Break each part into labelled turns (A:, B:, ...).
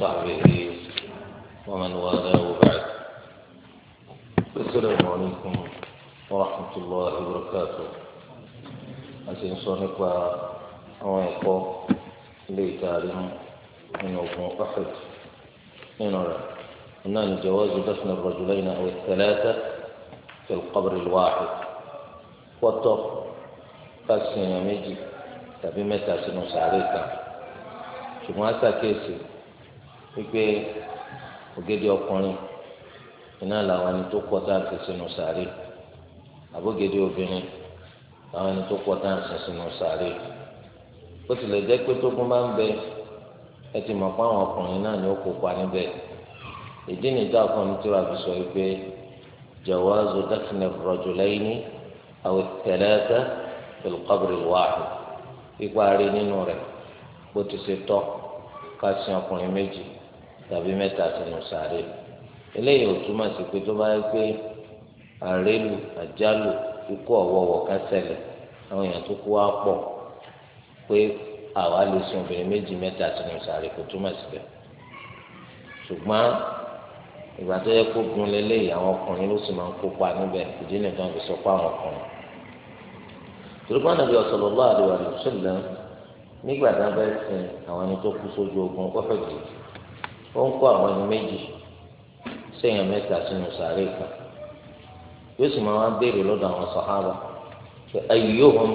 A: وصحبه ومن والاه بعد السلام عليكم ورحمة الله وبركاته أتين صنف وعيقو ليتعلم من أبو أحد من أنه جواز دفن الرجلين أو الثلاثة في القبر الواحد وطف قسم يميجي تبي متى سنو سعريكا شو ما wípé ògèdè ọkùnrin iná làwọn ẹni tó pọ̀ tá à ń sin sínú sàárè àbógèdè obìnrin làwọn ẹni tó pọ̀ tá à ń sin sínú sàárè ó tilẹ̀ jẹ́ pé tó kún bá ń bẹ ẹ ti mọ̀ pé àwọn ọkùnrin náà ni ó kópa níbẹ̀ ìdí nìjà kan tí wàá fi sọ wípé jawazu dafne rajulaini aw thalatha fil qabri wahid ipa rí nínú rẹ̀ bó ti ṣe tọ́ ká sin ọkùnrin méjì tàbí mẹ́ta sínú sàárè eléyìí ò túmọ̀ sí pé tó bá yẹ pé àrélù àjálù ikú ọ̀wọ́wọ́ ká ṣẹlẹ̀ àwọn èèyàn tó kú wá pọ̀ pé àwa lè sin obìnrin méjì mẹ́ta sínú sàárè kò túmọ̀ síbẹ̀ ṣùgbọ́n ìgbà tó yẹ kó gun lélẹ́yìí àwọn ọkùnrin ló sì máa ń kópa níbẹ̀ ìdí nìkan fi sọ pé àwọn ọkùnrin tòlùkọ́ nàbí sallallahu alaihi wasallam nígbà tá a bá sin àwọn ẹni tó kú sójú ogun kọ́fẹ́ gbèsè ó ń kó àwọn ẹni méjì séèyàn mẹ́ta sínú sàárè kan yóò sì máa wá béèrè lọ́dọ̀ àwọn sàhábà pé ayyuhum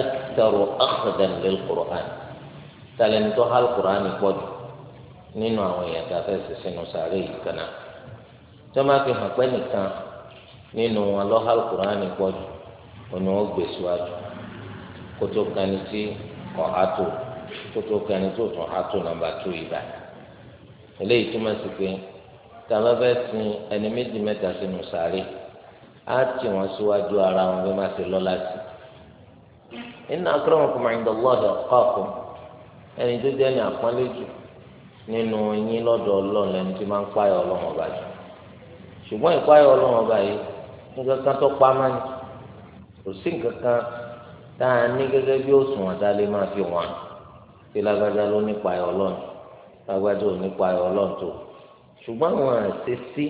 A: aktharu akhdan lil Qur'an talẹ̀ntọ́ hal Qur'an pọ̀ nínú àwọn èèyàn tá a fẹ́ sínú sàárè yìí kan náà tó máa fi hàn pé nìkan nínú wọn lọ́ hal Qur'an pọ̀ jù òun gbé síwájú kótó kan eléyìí túmọ̀ sí pé tá a bá fẹ́ sin ẹni méjì mẹ́ta sínú sàárè á tì wọ́n síwájú ara wọn bí wọ́n ti lọ́lá sí i inna akramakum inda Allahi atqakum ẹni tó jẹ́ ní àpọ́nlé jù nínú yín lọ́dọ̀ ọlọ́run lẹni tí máa ń pààyà ọlọ́run ọba jù ṣùgbọ́n ìpààyà ọlọ́run ọba yìí nǹkan kan tó pa máa ń kò sí nǹkan kan tá a ní gẹ́gẹ́ bí òṣùwọ̀n tá a lè máa fi wọ́n fi lágbájá ló nípa ẹ̀ ọlọ́run lágbájá ò nípa ọlọ́run tó ṣùgbọ́n àwọn àṣesí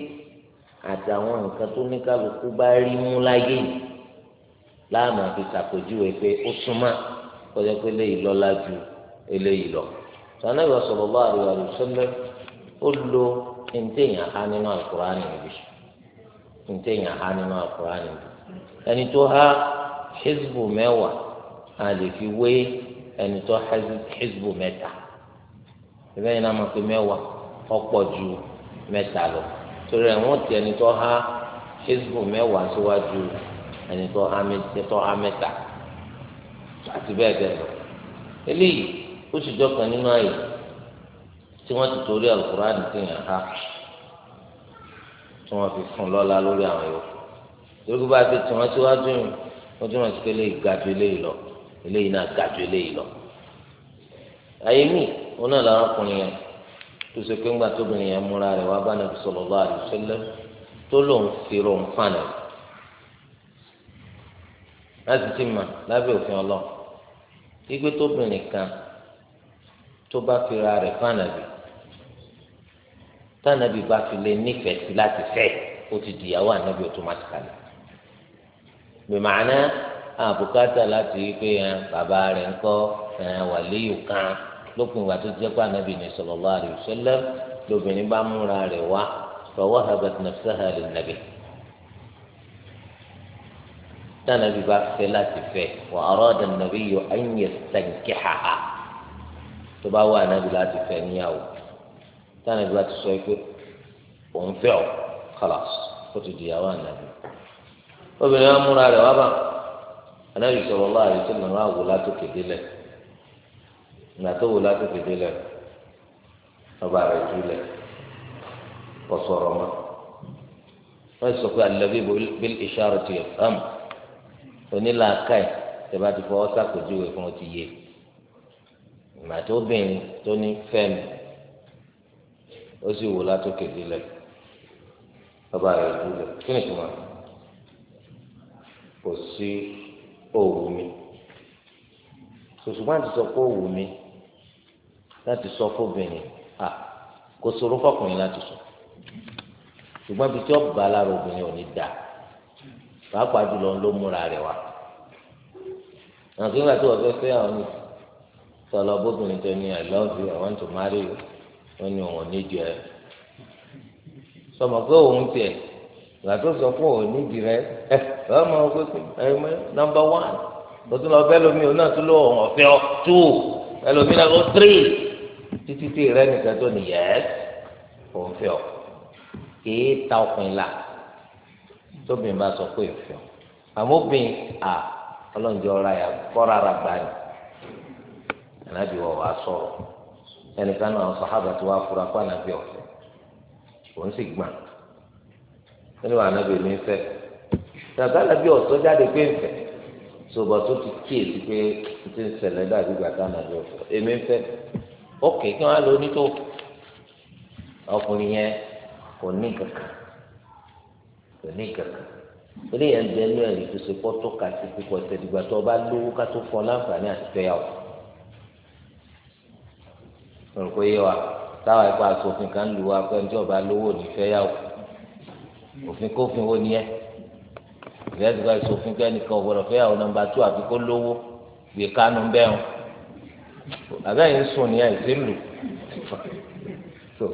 A: àtàwọn nǹkan tó ní kálukú bá rí mú láyé yìí láàmú àfi ṣàpèjúwe pé ó súnmọ́ kọjá pé eléyìí lọ́lá ju eléyìí lọ. sànẹ́bà sallallahu alaihi wasallam ó lo ntẹ̀yìn ha nínú àkùránì níbi ntẹ̀yìn ha nínú àkùránì níbi ẹni tó há hizbu mẹ́wàá a fi wé ẹni tó há hizbu mẹ́ta ìbẹ́ yìí náà mọ̀ pé mẹ́wàá ọ̀pọ̀ ju mẹ́ta lọ torí ẹ̀ wọ́n ti ẹni tó há hezbo mẹ́wàá síwájú ẹni tó há mẹ́ta àti bẹ́ẹ̀ bẹ́ẹ̀ lọ eléyìí ó sì jọkàn nínú ààyè tí wọ́n ti torí alukóraani ti yàn á tí wọ́n fi fún lọ́la lórí àwọn yòókù torí kó bá a ti tì wọ́n síwájú yìí wọ́n ti wọ́n ti pé eléyìí gàdú eléyìí lọ eléyìí náà gàdú eléyìí lọ àyè míì òun náà lárakùnrin yẹn tó ṣe pé ńgbà tóbìnrin yẹn múra rẹ̀ wá bá nàbì sallallahu alaihi wasallam tó lòun fi ròun fànà láti ti mà lábẹ́ òfin ọlọ́run igbe tóbìnrin kan tó bá fi ra rẹ̀ fànà bì tànàbì bá fi lé nífẹ̀ẹ́ sí láti fẹ́ ó ti dìyàwó ànábì automatically gbèmàánà àbùkátà láti wípé bàbá rẹ̀ ń kọ́ wàlíyù kan lópin ìgbà tó jẹ́ pé ànábì ní sallallahu alaihi wasallam lóbìnrin bá múra rẹ̀ wá fa wahabat nafsaha lin-nabi tánàbí bá fẹ́ láti fẹ́ wa arada an-nabiyyu an yastankihaha tó bá wà ànábì láti fẹ́ níyàwó tánàbí bá ti sọ pé òun fẹ́ ọ khalas ó ti dìyàwó ànábì obìnrin wa múra rẹ̀ wá bá ànábì sallallahu alaihi wasallam àwòlá tó kéde lẹ́yìn ìgbà tó wò látòkè délẹ̀ ọba rẹ̀ júlẹ̀ ọ̀sọ̀rọ̀ mọ́ wọ́n sọ pé alẹ́ bíi ìṣàrò ti ẹ̀fọ́m onílàákà ẹ̀ tẹ̀bá ti fọwọ́ sàkójúwe fún ọ ti yé ìgbà tó bìnrin tó ní fẹ́mi ó sì wò látòkè délẹ̀ ọba rẹ̀ júlẹ̀ kí ni tuma kò sí òwú mi sòṣùpá ti sọ pé òwú mi láti sọ fóbìnrin à kò ṣòro fọkùnrin láti sọ ṣùgbọ́n ibi tí ọba alára obìnrin ò ní dà pàápàá jùlọ ló múra rẹ̀ wá àwọn kíńgbà tí wọ́n fẹ́ fẹ́ àwọn ní sọlọ bóbìnrin tó ní i love you i want to marry you wọ́n ní òun nídìí ẹ sọmọ pé òun tiẹ̀ ìgbà sọ fún òun nídìí rẹ eh, ẹ ọmọ ọgbẹ́ ẹ nọmba one o tún lọ bẹ́ẹ̀ lómi òun náà tún lọ ọ̀fẹ́ ọ two ẹlòmíràn ó oh, three títí tí rẹ nìkan tó ní yẹs òun fẹ́ ọ kìí ta ọkùnrin la tóbìnrin bá sọ pé ìfẹ́ ọ àmọ́ obìnrin à ọlọ́njẹ́ ọ̀rá yà kọ́ra ara gbà ní ànábì wọ̀ wá sọ̀rọ̀ ẹnìkan náà sàhábà tó wá fura kó ànábì ọ̀fẹ́ òun sì gbà nínú ànábì mi fẹ́ tàbí ànábì ọ̀sọ́ jáde pé ń fẹ́ sọ̀bọ̀ ti kíyèsí pé ti ń ṣẹlẹ̀ dàbí gbàtà ànábì ọ̀fẹ́ èmi ń fẹ́ ókè kí wọn á lọ onítòkù ọkùnrin yẹn kò ní kankan kò ní kankan eléyàn bẹ ní ẹ̀rí tó ṣe pọ́tò kàti púpọ̀ ìṣẹ̀dùgbà tó ọba lówó ká tó fọ láǹfààní àti fẹ́yàwó olùkọ́ yé wa táwa ẹ̀kọ́ asòfin kan lù wá pé ẹnjọ́ ọba lówó ní fẹ́yàwó òfin kófin wo ni ẹ ìrẹsì ká ìṣòfin kẹ́nìkan ọ̀gbọ́dọ̀ fẹ́yàwó nọ́mbà tó àfi kó lówó gbé kánú bẹ́ẹ̀ hàn bàbá yìí ń sùn ní àìsí lù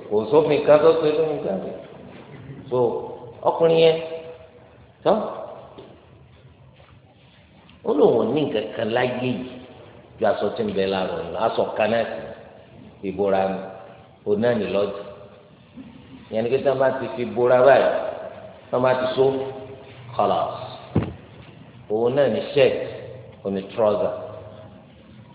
A: kò sófin kan tó pé lóhùn jáde so ọkùnrin yẹn tó ó lóun ní nǹkan kan láyé yìí ju aṣọ tí ń bẹ lára òun aṣọ kan náà sì ìbora ni òun náà ní lọ́jọ́ yẹn ni kí bá ti fi bora báyìí wọ́n bá ti so kọ́lá òun náà ní ṣẹ́ẹ̀tì òun ní trọ́zà.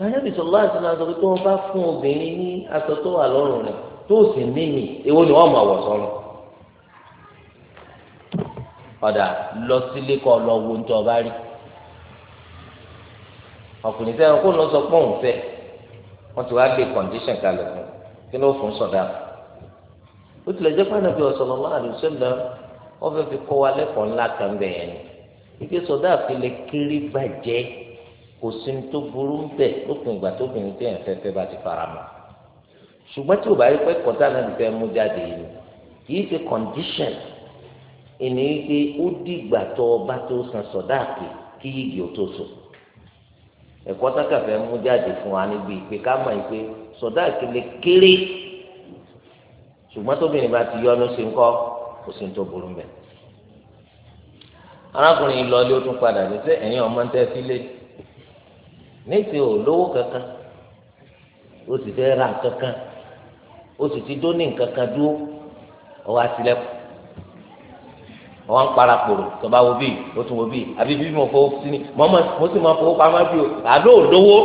A: Ànábì sallallahu alaihi wasallam pé tó wọn bá fún obìnrin ní aṣọ tó wà lọ́rùn rẹ̀ tó sì níyì èwo ni wọ́n mọ̀ wọ̀ sọ́run. Ọ̀dà lọ sílé kọ́ lọ wo ní tó ọba rí. Ọkùnrin sẹ́wọ̀n kó lọ sọ pé òun fẹ́ wọ́n ti wá gbé kọ̀ǹdíṣàn kalẹ̀ fún kí ló fún sọ̀dá. Ó tilẹ̀ jẹ́ pé Ànábì sallallahu alaihi wasallam wọ́n fẹ́ fi kọ́ wa lẹ́kọ̀ọ́ ńlá kan bẹ̀yẹn ni. Ike sọ̀dá fi lè kéré bàjẹ́ kò sí ní tó burú ń bẹ̀ lópin ìgbà tó bìnrin tẹ̀ ń fẹ́fẹ́ bá ti fara mọ́ ṣùgbọ́n tí o bá rí pé kọ́tà náà ti fẹ́ mú jáde yìí kì í ṣe condition ìní pé ó dìgbà tó ọba tó san sọ̀dáàkì kí yìgì ó tó so ẹ̀kọ́ sákàfẹ́ mú jáde fún wa níbi ìpè ká mọ̀ ìpè sọ̀dáàkì lè kéré ṣùgbọ́n tóbìnrin bá ti yọnu sí ńkọ́ kò sí ní tó burú ń bẹ̀ arákùnrin lọ ó tún padà dé sẹ́ ẹ̀yin ọmọ ń tẹ́ sílé. Si n'isi ò lówó kankan ó sì fẹ́ ra kankan ó sì ti dó ní nǹkan kan dúró ọwọ́ àtìlẹ́kùn ọwọ́ ń para kpòrò tó wo bíi ó tún wo bíi àbí mo fowó sí ni mo sì máa fowó pamọ́ bí o àdó ò lówó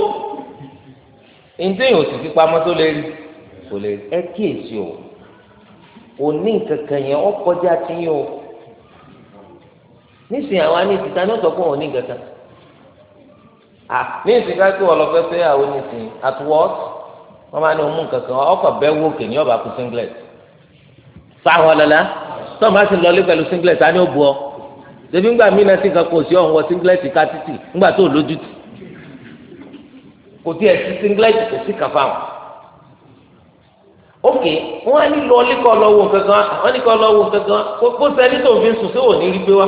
A: fi pamọ́ tó lè rí kò lè ẹ kíyèsí o òní nǹkan yẹn ọ kọjá tiyín o nísìnyí àwa ní ní fún òní à ah, ní ìsìn ká kí wọn lọ fẹ́ fẹ́ àwọn onísìn at what wọn máa ní òun mú nǹkankan ọkọ bẹ́ẹ̀ wò kè ní ọba kú singlet fáwọn lọlá tó máa sì lọlé pẹ̀lú singlet á ní ó bu ọ ṣebí ńgbà mí náà sì kan kò sí ọ̀hún wọ singlet ká títì ńgbà tó lójú tì kò tí ẹ sí singlet kò sí kàfà wọn ok wọn á ní lọlé kọ lọ wò kankan wọn ní kọ lọ wò kankan kó sẹni tó fi sùn sí òní rí gbé wa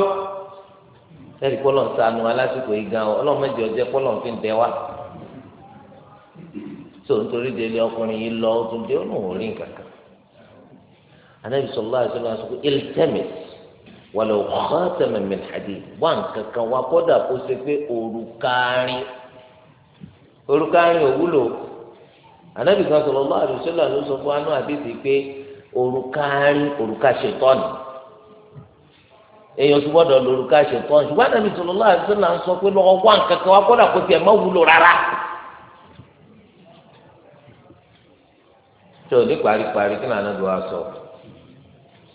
A: sẹ́ẹ̀rì pọ́lọ̀ ń sanu alásìkò yìí gan ọlọ́run mẹ́jọ jẹ́ pọ́lọ̀ ń fi ń tẹ́ wá tó nítorí délé ọkùnrin yìí lọ ó tún dé ó nù rí nǹkan kan anabi sallallahu alaihi wasallam sọ pé iltamis walau khataman min hadid nǹkan kan wá kọ́dà kó ṣe pé òrùkaarin òrùkaarin ò wúlò anabi sallallahu alaihi wasallam ló sọ fún anú àdìsí èèyàn sì gbọ́dọ̀ lórúkà ṣètọ́n ṣùgbọ́n ànábì sallallahu alaihi wasallam ń sọ pé lọ́wọ́ wá nǹkan wá kọ́dà kó tiẹ̀ má wúlò rárá. tó ní sọ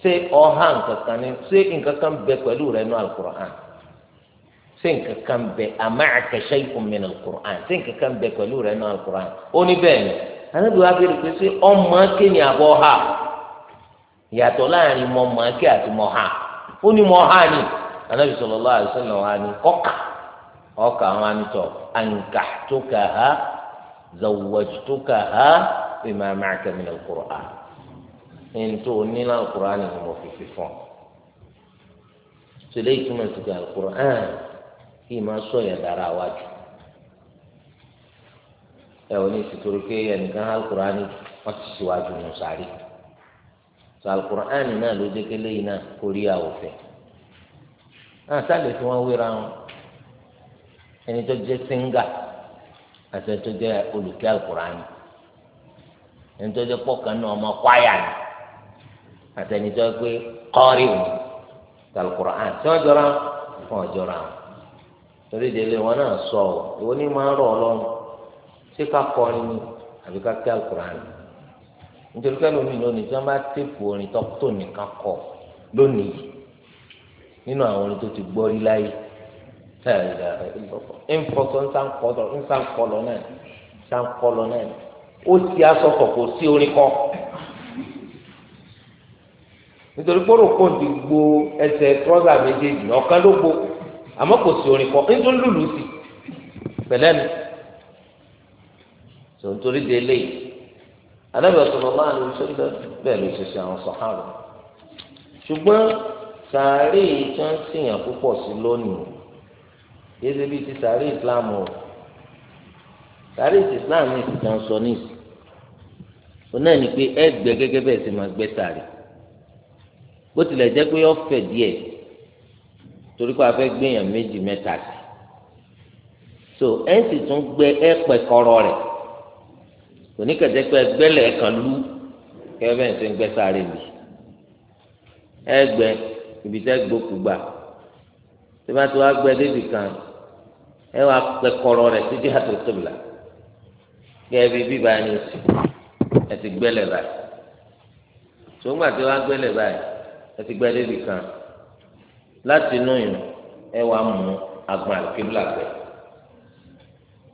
A: ṣé ọ̀hán nǹkan kan ṣé nǹkan bẹ pẹ̀lú rẹ nínú alukur'an ṣé nǹkan bẹ ma'aka shay'un min alukur'an ṣé nǹkan bẹ pẹ̀lú alukur'an ó ní bẹ́ẹ̀ ni ha ó ní mọ ha ni anabi sallallahu alaihi wasallam wa ni ọkà ọkà àwọn anitọ ankahtukaha zawwajtukaha bima ma'aka min al-Qur'an ntò onílà al-Qur'an ni mo fi fi fún tòlẹ́ ìtumọ̀ sí ká al kí n sọ yẹn dára wájú ẹ ò ní ìsìtòrí pé ẹnìkan al-Qur'an ni wọ́n ti ṣíwájú nù sáré sọ alukur'an náà ló jẹ́ kélé yìí náà kó rí àwòfẹ́ náà sáàlẹ̀ tí wọ́n wéra wọn ẹni tó jẹ́ síngà àti ẹni tó jẹ́ olùkẹ́ alukur'an ẹni tó jẹ́ pọ̀kan náà ọmọ kwaya ni àti ẹni tó pé kọ́ọ̀rì wọn sọ alukur'an tí wọ́n jọra wọn jọra wọn torí délé wọn náà sọ ọ ìwọ ni máa ń rọ ọ lọ́rùn ṣé ká kọrin ni àbí ká kẹ́ alukur'an ni nítorí pé lómi lónìí tí wọ́n bá tèpù orin tó nìkan kọ lónìí nínú àwọn orin tó ti gbọ́ rí láyé ńfọ̀sọ̀ ńsànkọlọ náà ńsànkọlọ náà ó ti asọ̀tọ̀ kò sí orin kọ nítorí kóró kó ti gbo ẹsẹ̀ trọ́sà méjèèjì ọ̀kan ló gbo àmọ́ kò sí orin kọ nítorí lùlù sí pẹ̀lẹ́nu tòun torí de eléyìí anábì sallallahu alaihi wasallam bẹ́ẹ̀ ló ṣe ṣe àwọn sọ̀hárò ṣùgbọ́n sàárè yìí tí wọ́n sìyàn púpọ̀ sí lónìí yéṣe bíi ti sàárè islam o sàárè islam ní ti tàn sọ níìsì ó náà ní pé ẹ gbẹ́ gẹ́gẹ́ bẹ́ẹ̀ sì máa gbẹ́ sàárè bó tilẹ̀ jẹ́ pé ọ̀fẹ́ díẹ̀ torí pé a fẹ́ gbéyàn méjì mẹ́ta sí so ẹ sì tún gbẹ́ ẹ pẹ̀kọ́rọ́ rẹ̀ kò ní kẹ̀jẹ́ pé kan lú kẹ́ẹ́ bẹ́ẹ̀ ṣe ń gbẹ́ sáré mi ẹgbẹ́ ibi tẹ́ gbókù gbà tí bá ti wá gbẹ́ débi kan ẹ wá pẹ kọ̀rọ̀ rẹ̀ títí àti tóbla kẹ́ẹ́ bí bíbá ẹni oṣù ẹ ti gbẹ́lẹ̀ báyìí tòǹgbà tí wá gbẹ́lẹ̀ báyìí ẹ ti gbẹ́ débi kan láti inú yìí ẹ wá mú agbọn àti kébìlà gbẹ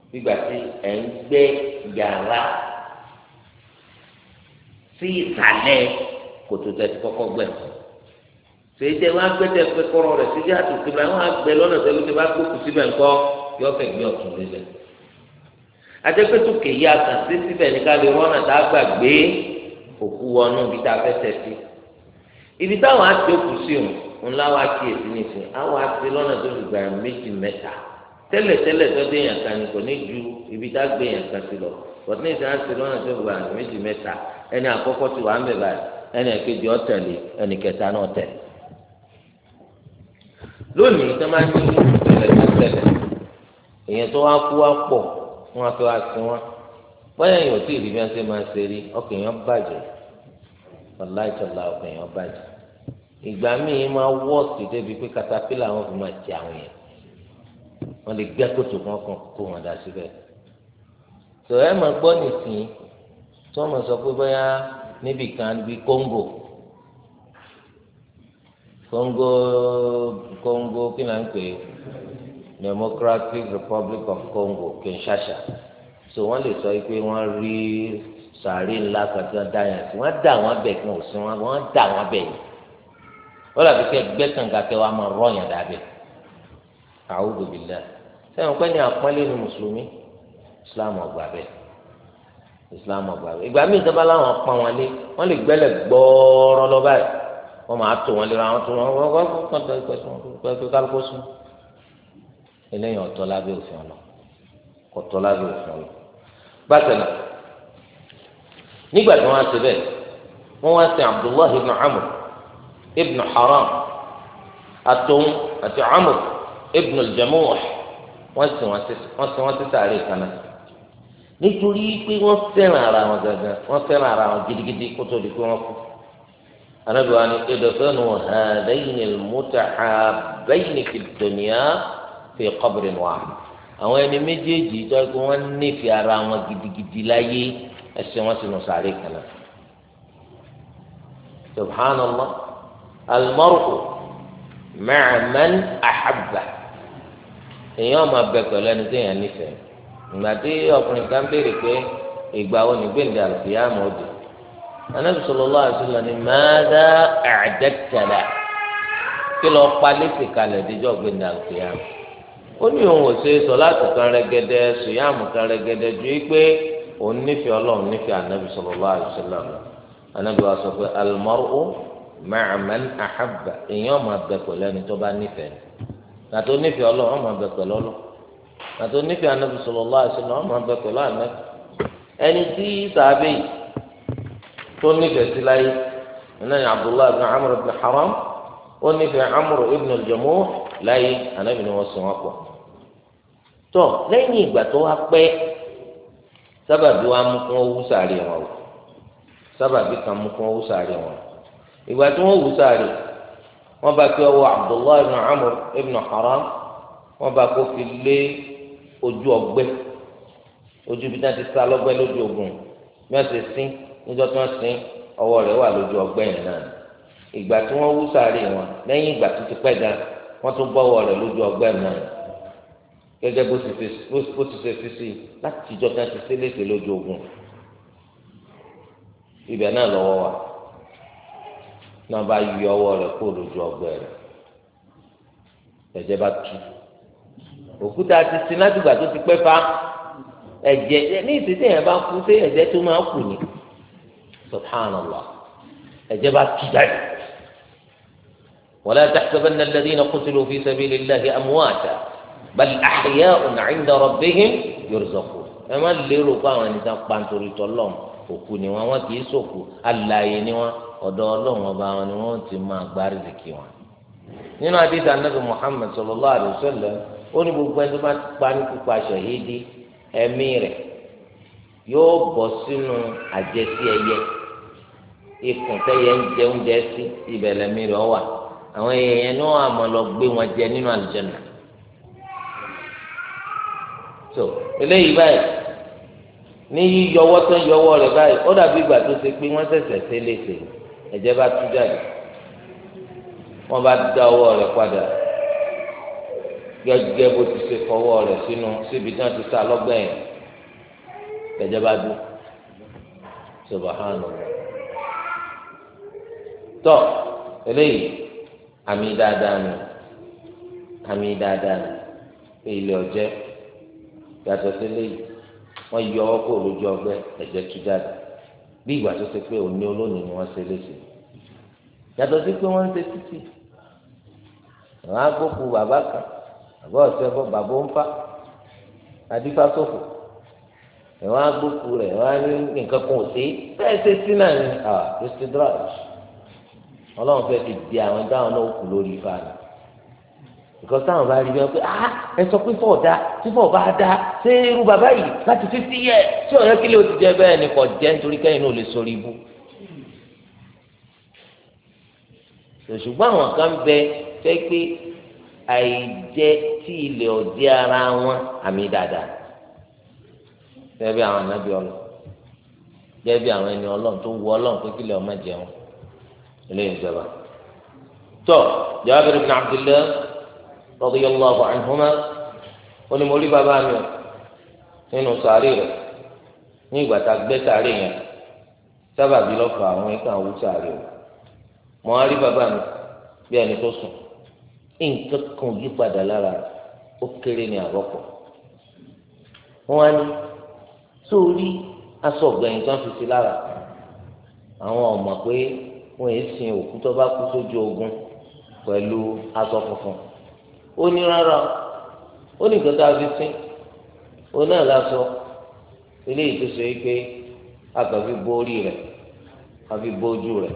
A: gbígbà tí ẹ ń gbẹ́ yàrá sí ìsàlẹ̀ kòtò tẹ̀ ti kọ́kọ́ gbẹ̀ sèyí tẹ wọn agbẹtẹ pé kọrọ rẹ síbi àtúntò báyìí wọn agbẹ lọnà tẹlifí tẹ bá gbókù síbẹ̀ ńkọ́ yọ fẹ gbé ọtún lélẹ̀ adẹ́pẹ́tù kèyí àtàntí síbẹ̀ ní ká lè rọ́nà tá a gbà gbé òkú wọnú ibi tá a fẹ́ tẹ̀ sí ibi táwọn àti òkú sí o ńlá wa kí èsì nìsín àwọn àti lọ́nà tó fi gbà méjì mẹ́ta tẹ́lẹ̀tẹ́lẹ̀ tó dé yàn kan kò ibi tá a gbé yàn sí lọ bọ̀tún ní ìdáná ti lọ́nà tó gba àmì méjì mẹ́ta ẹni àkọ́kọ́ ti wà ń bẹ̀ báyìí ẹni ẹ̀kejì ọ̀tẹ̀lẹ̀ ẹni kẹta náà tẹ̀. lónìí tó máa ń ní ìṣẹ̀lẹ̀ tó ṣẹlẹ̀ èèyàn tó wá kú wá pọ̀ fún wa fẹ́ wá sí wọn bóyá èèyàn ò tí ì rí bí wọ́n ṣe máa ṣe rí ọkàn èèyàn bàjẹ́ ọ̀la ìjọba ọkàn èèyàn bàjẹ́ ìgbà míì máa wọ́ọ̀sì débi pé katapila wọn fi máa jẹ àwọn yẹn wọ́n lè gbẹ́ kòtò kan kó wọn dà síbẹ̀ tó ẹ máa gbọ́ nìsín tó máa sọ pé bóyá níbì kan níbi kóńgò kóńgò kóńgò kí náà ń pè democratic republic of congo kinshasa so wọ́n lè sọ pé wọ́n rí sàárè ńlá kan tí wọ́n dá yẹn sí wọ́n dà wọ́n bẹ̀ kan ò sí wọn wọ́n dà wọ́n bẹ̀ yẹn wọ́n làbí kẹ́ gbẹ́ kànga kẹ́ wàá máa rọ́ọ̀yàn dábẹ́ àwọn òbí bìlẹ̀ sẹ́yìn pẹ́ ní àpọ́nlé ní mùsùlùmí islam ọgbà bẹ́ẹ̀ islam ọgbà bẹ́ẹ̀ ìgbà míì sábà láwọn pa wọn lé wọn lè gbẹ́lẹ̀ gbọọrọ lọ báyìí wọn máa tó wọn léra wọn tó wọn wọn wọn kàn tó ẹgbẹ́ tó wọn tó kálukó sùn eléyìí ọ̀tọ̀ lábẹ́ òfin ọlọ ọ̀tọ̀ lábẹ́ òfin ọlọ gbàtẹ nígbà tí wọn ti bẹ́ẹ̀ wọn wá sin abdullahi ibn amr ibn haram atun àti amr ibn al-jamuh wọn sin wọn sí sáré kan nítorí pé wọ́n fẹ́ràn ara wọn gangan wọ́n fẹ́ràn ara wọn gidigidi kó tó di pé wọ́n kú anabi wa ni edofenu hadaini mutahabaini fi dunya fi qabrin wahid àwọn ẹni méjèèjì tó kí wọ́n nífẹ̀ẹ́ ara wọn gidigidi láyé ẹsẹ̀ wọn sínú sàárè kan náà subhanallah almar'u ma'a man èèyàn máa bẹ pẹ̀lú ẹni tó yàn nífẹ̀ẹ́ ìgbà tí ọkùnrin kan béèrè pé ìgbà wo ni gbẹ̀ǹdà àlùfíàmù òdì anábì sallallahu alaihi wasallam ni mādhā a'dadta lahu kí lọ pa létí kalẹ̀ díjọ́ gbẹ̀ǹdà àlùfíàmù ó ní òun ò ṣe sọ̀láàtì kan rẹ́gẹ́dẹ́ sùyàmù kan rẹ́gẹ́dẹ́ ju pé òun nífẹ̀ẹ́ ọlọ́run nífẹ̀ẹ́ anábì sallallahu alaihi wasallam anábì wa sọ pé al-mar'u ma'a man ahabba èèyàn máa bẹ pẹ̀lú ẹni tó bá nífẹ̀ẹ́ nàtó nífẹ̀ẹ́ ọlọ́run máa bẹ pẹ̀lú ọlọ́run àti onífẹ́ anabi sallallahu alaihi wasallam ọmọ abẹ pẹ̀lú anabi ẹni tí sàbẹ̀ tó nífẹ̀ẹ́ sí láyé ẹnìyàn abdullahi ibn amr ibn haram ó nífẹ̀ẹ́ amr ibn al-jamuh láyé anabi ni wọ́n sọ wọn pọ̀ tó lẹ́yìn ìgbà tó wá pẹ́ sábàbí wa mú kí wọ́n wú sàárè wọn o sábàbí kan mú kí wọ́n wú wọn ìgbà tí wọ́n wú sàárè wọ́n bá kí wọ́n abdullahi ibn amr ibn haram wọ́n bá kó fi lé ojú ọgbẹ́ ojú bí náà ti sá lọ́gbẹ́ lójú ogun bí wọ́n ti sin níjọ́ tí wọ́n sin ọwọ́ rẹ̀ wà lójú ọgbẹ́ yẹn náà ìgbà tí wọ́n wú sáré wọn lẹ́yìn ìgbà tó ti pẹ́ gan wọ́n tún bọ́wọ́ rẹ̀ lójú ọgbẹ́ náà gẹ́gẹ́ bó ti ṣe fi sí láti ìjọ kan ti ṣẹlẹ̀ṣẹ̀ lójú ogun ibẹ̀ náà lọ́wọ́ wa náà bá yọ ọwọ́ rẹ̀ kó lójú ọgbẹ́ rẹ̀ ẹ̀jẹ̀ bá tu òkúta ti sin látìgbà tó ti pẹ́ fa ẹ̀jẹ̀ ní ìsísí yẹn bá kú sí ẹ̀jẹ̀ tó máa kù ní subhanallah ẹ̀jẹ̀ bá tú jáde. ولا تحسبن الذين قتلوا في سبيل الله أمواتا بل أحياء عند ربهم يرزقون ẹ má lérò pé àwọn ẹni tá a òkú ni wọn wọn kì í sòkú alààyè ni wọn ọ̀dọ̀ Ọlọ́run ọba wọn ni wọn ti máa gbárí zìkì wọn. nínú àdìsí ó ní gbogbo ẹni tó bá pa ní pípa ṣàhídì ẹ̀mí rẹ̀ yóò bọ́ sínú àjẹsí ẹyẹ ikùn tẹ́yẹ ń jẹ oúnjẹ sí ibẹ̀ lẹ́mí rẹ̀ wà àwọn èèyàn náà àmọ́ lọ gbé wọn jẹ nínú àlùjànnà so eléyìí báyìí ní yíyọwọ́ tó ń yọwọ́ rẹ̀ báyìí ó dàbí ìgbà tó ṣe pé wọ́n ṣẹ̀ṣẹ̀ ṣe léṣe ẹ̀jẹ̀ bá tú jáde wọ́n bá dá ọwọ́ rẹ̀ padà gẹ́gẹ́ bó ti ṣe fọwọ́ rẹ̀ sínú síbi tí wọ́n ti sá lọ́gbẹ̀yìn gẹ́gẹ́ bá dùn subahana tọ eléyìí àmì dáadáa ni àmì dáadáa ni pé ilé ọjẹ yàtọ̀ sí eléyìí wọ́n yọ ọ́ kó lójú ọgbẹ́ tú jáde bí ìgbà tó ṣe pé òní olónìí ni wọ́n ṣe léṣe yàtọ̀ sí pé wọ́n ń ṣe títì àwọn agbókù bàbá kan àbọ̀ ọ̀sẹ̀ bọ́ bàbá ń fa adífásòfò ẹ̀wọ̀n agbóku rẹ̀ ẹ̀wọ̀n ní nǹkan kan ò sí bẹ́ẹ̀ ṣe sí náà ni kristi draj ọlọ́run fẹ́ ti di àwọn dáhùn náà kù lórí ifá ni because táwọn bá rí i wọn pé ah ẹ sọ pé fọ́ọ̀ da tí fọ́ọ̀ bá da ṣé irú bàbá yìí láti fífi yẹ tí ọ̀rẹ́ kílẹ̀ ó ti jẹ bẹ́ẹ̀ ni kò jẹ́ nítorí kẹ́yìn náà ò lè sọrí ibú. ṣùgbọ́n àwọn kan bẹ fẹ́ pé àìjẹ tí ilẹ̀ ọ̀dí ara wọn àmì dáadáa gẹ́gẹ́ àwọn ànábì ọlọ gẹ́gẹ́ bí àwọn ẹni ọlọ́run tó wọ ọlọ́run pé kílẹ̀ ọmọ jẹun ilé ìjọba. tọ́ Jabir ibn Abdullah radiyallahu anhuma ó ní mo rí bàbá mi o nínú sàárè rẹ̀ ní ìgbà tá a gbé sàárè yẹn sábàbí lọ́kọ̀ àwọn ẹ̀ka òwú sàárè o mo rí bàbá mi bí ẹni tó sùn nǹkan kan yípadà lára ó kéré ní àrọ́pọ̀ wọn á ní sórí aṣọ ọ̀gbẹ̀yìn tó ń fi sí lára àwọn ọmọ pé wọn èé sin òkú tó bá kú sójú ogun pẹ̀lú aṣọ funfun ó ní rárá ó ní nǹkan tá a fi sín ó náà lásọ eléyìí tó ṣe é pé a kàn fi bo orí a fi bo ojú rẹ̀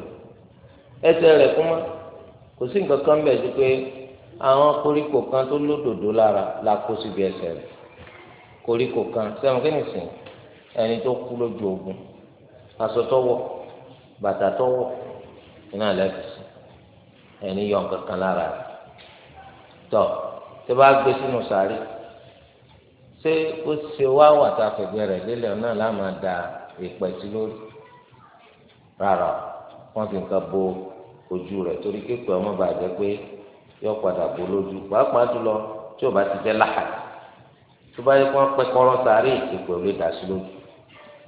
A: ẹsẹ̀ rẹ̀ kò sí nǹkan kan bẹ̀ ju pé àwọn koríko kan tó lódòdó lára la kó síbi ẹsẹ̀ rẹ̀ koríko kan sẹ́wọ̀n kí ni sìn ẹni tó kú lójú ogun aṣọ tọwọ́ bàtà tọwọ́ iná lẹ́fẹ̀sì ẹni yọ nǹkan kan lára rẹ̀ tọ́ tó bá gbé sínú sàárè ṣé ó ṣe wá wàtà fẹ̀gbẹ́ rẹ̀ lélẹ̀ náà láàmà da ìpẹ́ sí lórí rárá wọ́n fi nǹkan bo ojú rẹ̀ torí kékeré ọmọ bàjẹ́ pé yóò padà bò lójú pàápàá jùlọ tí o bá ti jẹ́ láhà tó bá yẹ kó wọn pẹ kọrọ sáré ìpè olè dà sí lójú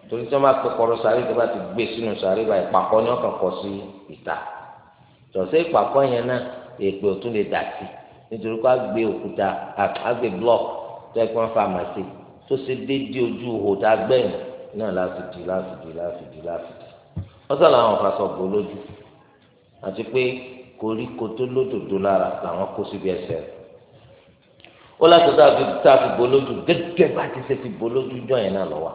A: torí tí wọn bá pẹ kọrọ sáré tó bá ti gbé sínú sáré bá ìpàkọ́ ni wọn kàn kọ sí ìta tọ̀sẹ̀ ìpàkọ́ yẹn náà èpè òtún lè dà sí nítorí kó a gbé òkúta a gbé block tó yẹ kó wọn fa àmà tó ṣe déédéé ojú ihò tá a gbẹ̀yìn náà láti di láti di láti di láti di wọ́n sọ̀rọ̀ koríko tó lódòdó lára làwọn kó síbi ẹsẹ̀ rẹ̀ ó láti tá a fi tá a fi bolójú gẹ́gẹ́ bá ti ṣe fi bolójú jọ yẹn náà lọ́wọ́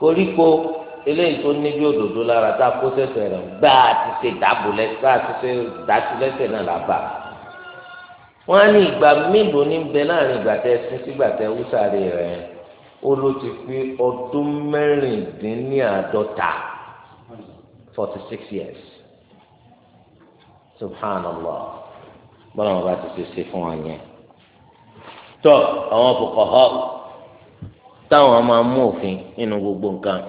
A: koríko eléyìí tó ní bí òdòdó lára tá a kó sẹ̀sẹ̀ rẹ̀ gbá a ti ṣe dàbò lẹ́sẹ̀ tá a ti ṣe dàtú lẹ́sẹ̀ náà là bá wọn á ní ìgbà mélòó ní bẹ láàrin ìgbà tẹ sin sígbà tẹ wúsàrè rẹ ó ló ti fi ọdún mẹ́rìndínláàádọ́ta forty six years. subhanallah bọ́lá wọn bá ti ṣe fún wọn yẹn tọ́ àwọn fuqaha táwọn máa mú òfin nínú gbogbo nǹkan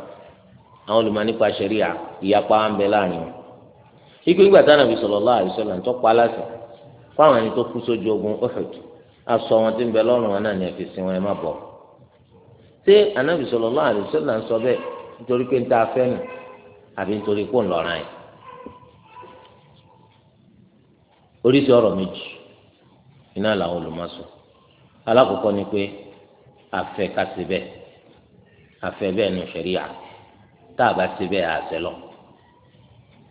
A: àwọn olùmọ̀ nípa ṣẹ̀ríà ìyapa ń bẹ láàrin wọn ikú ìgbà tí Ànábì sallallahu pa ogun Uhud aṣọ wọn ti ń bẹ lọ́rùn wọn náà ní sí wọn ẹ má bọ̀ ṣé sọ bẹ́ẹ̀ nítorí pé ń ta oríṣi ọ̀rọ̀ méjì iná làwọn olùmọ̀sọ alákọ̀ọ́kọ́ ni pé afẹ́ ká ṣe bẹ́ẹ̀ afẹ́ bẹ́ẹ̀ nu ṣẹ̀ríà tá a bá ṣe bẹ́ẹ̀ àṣẹ lọ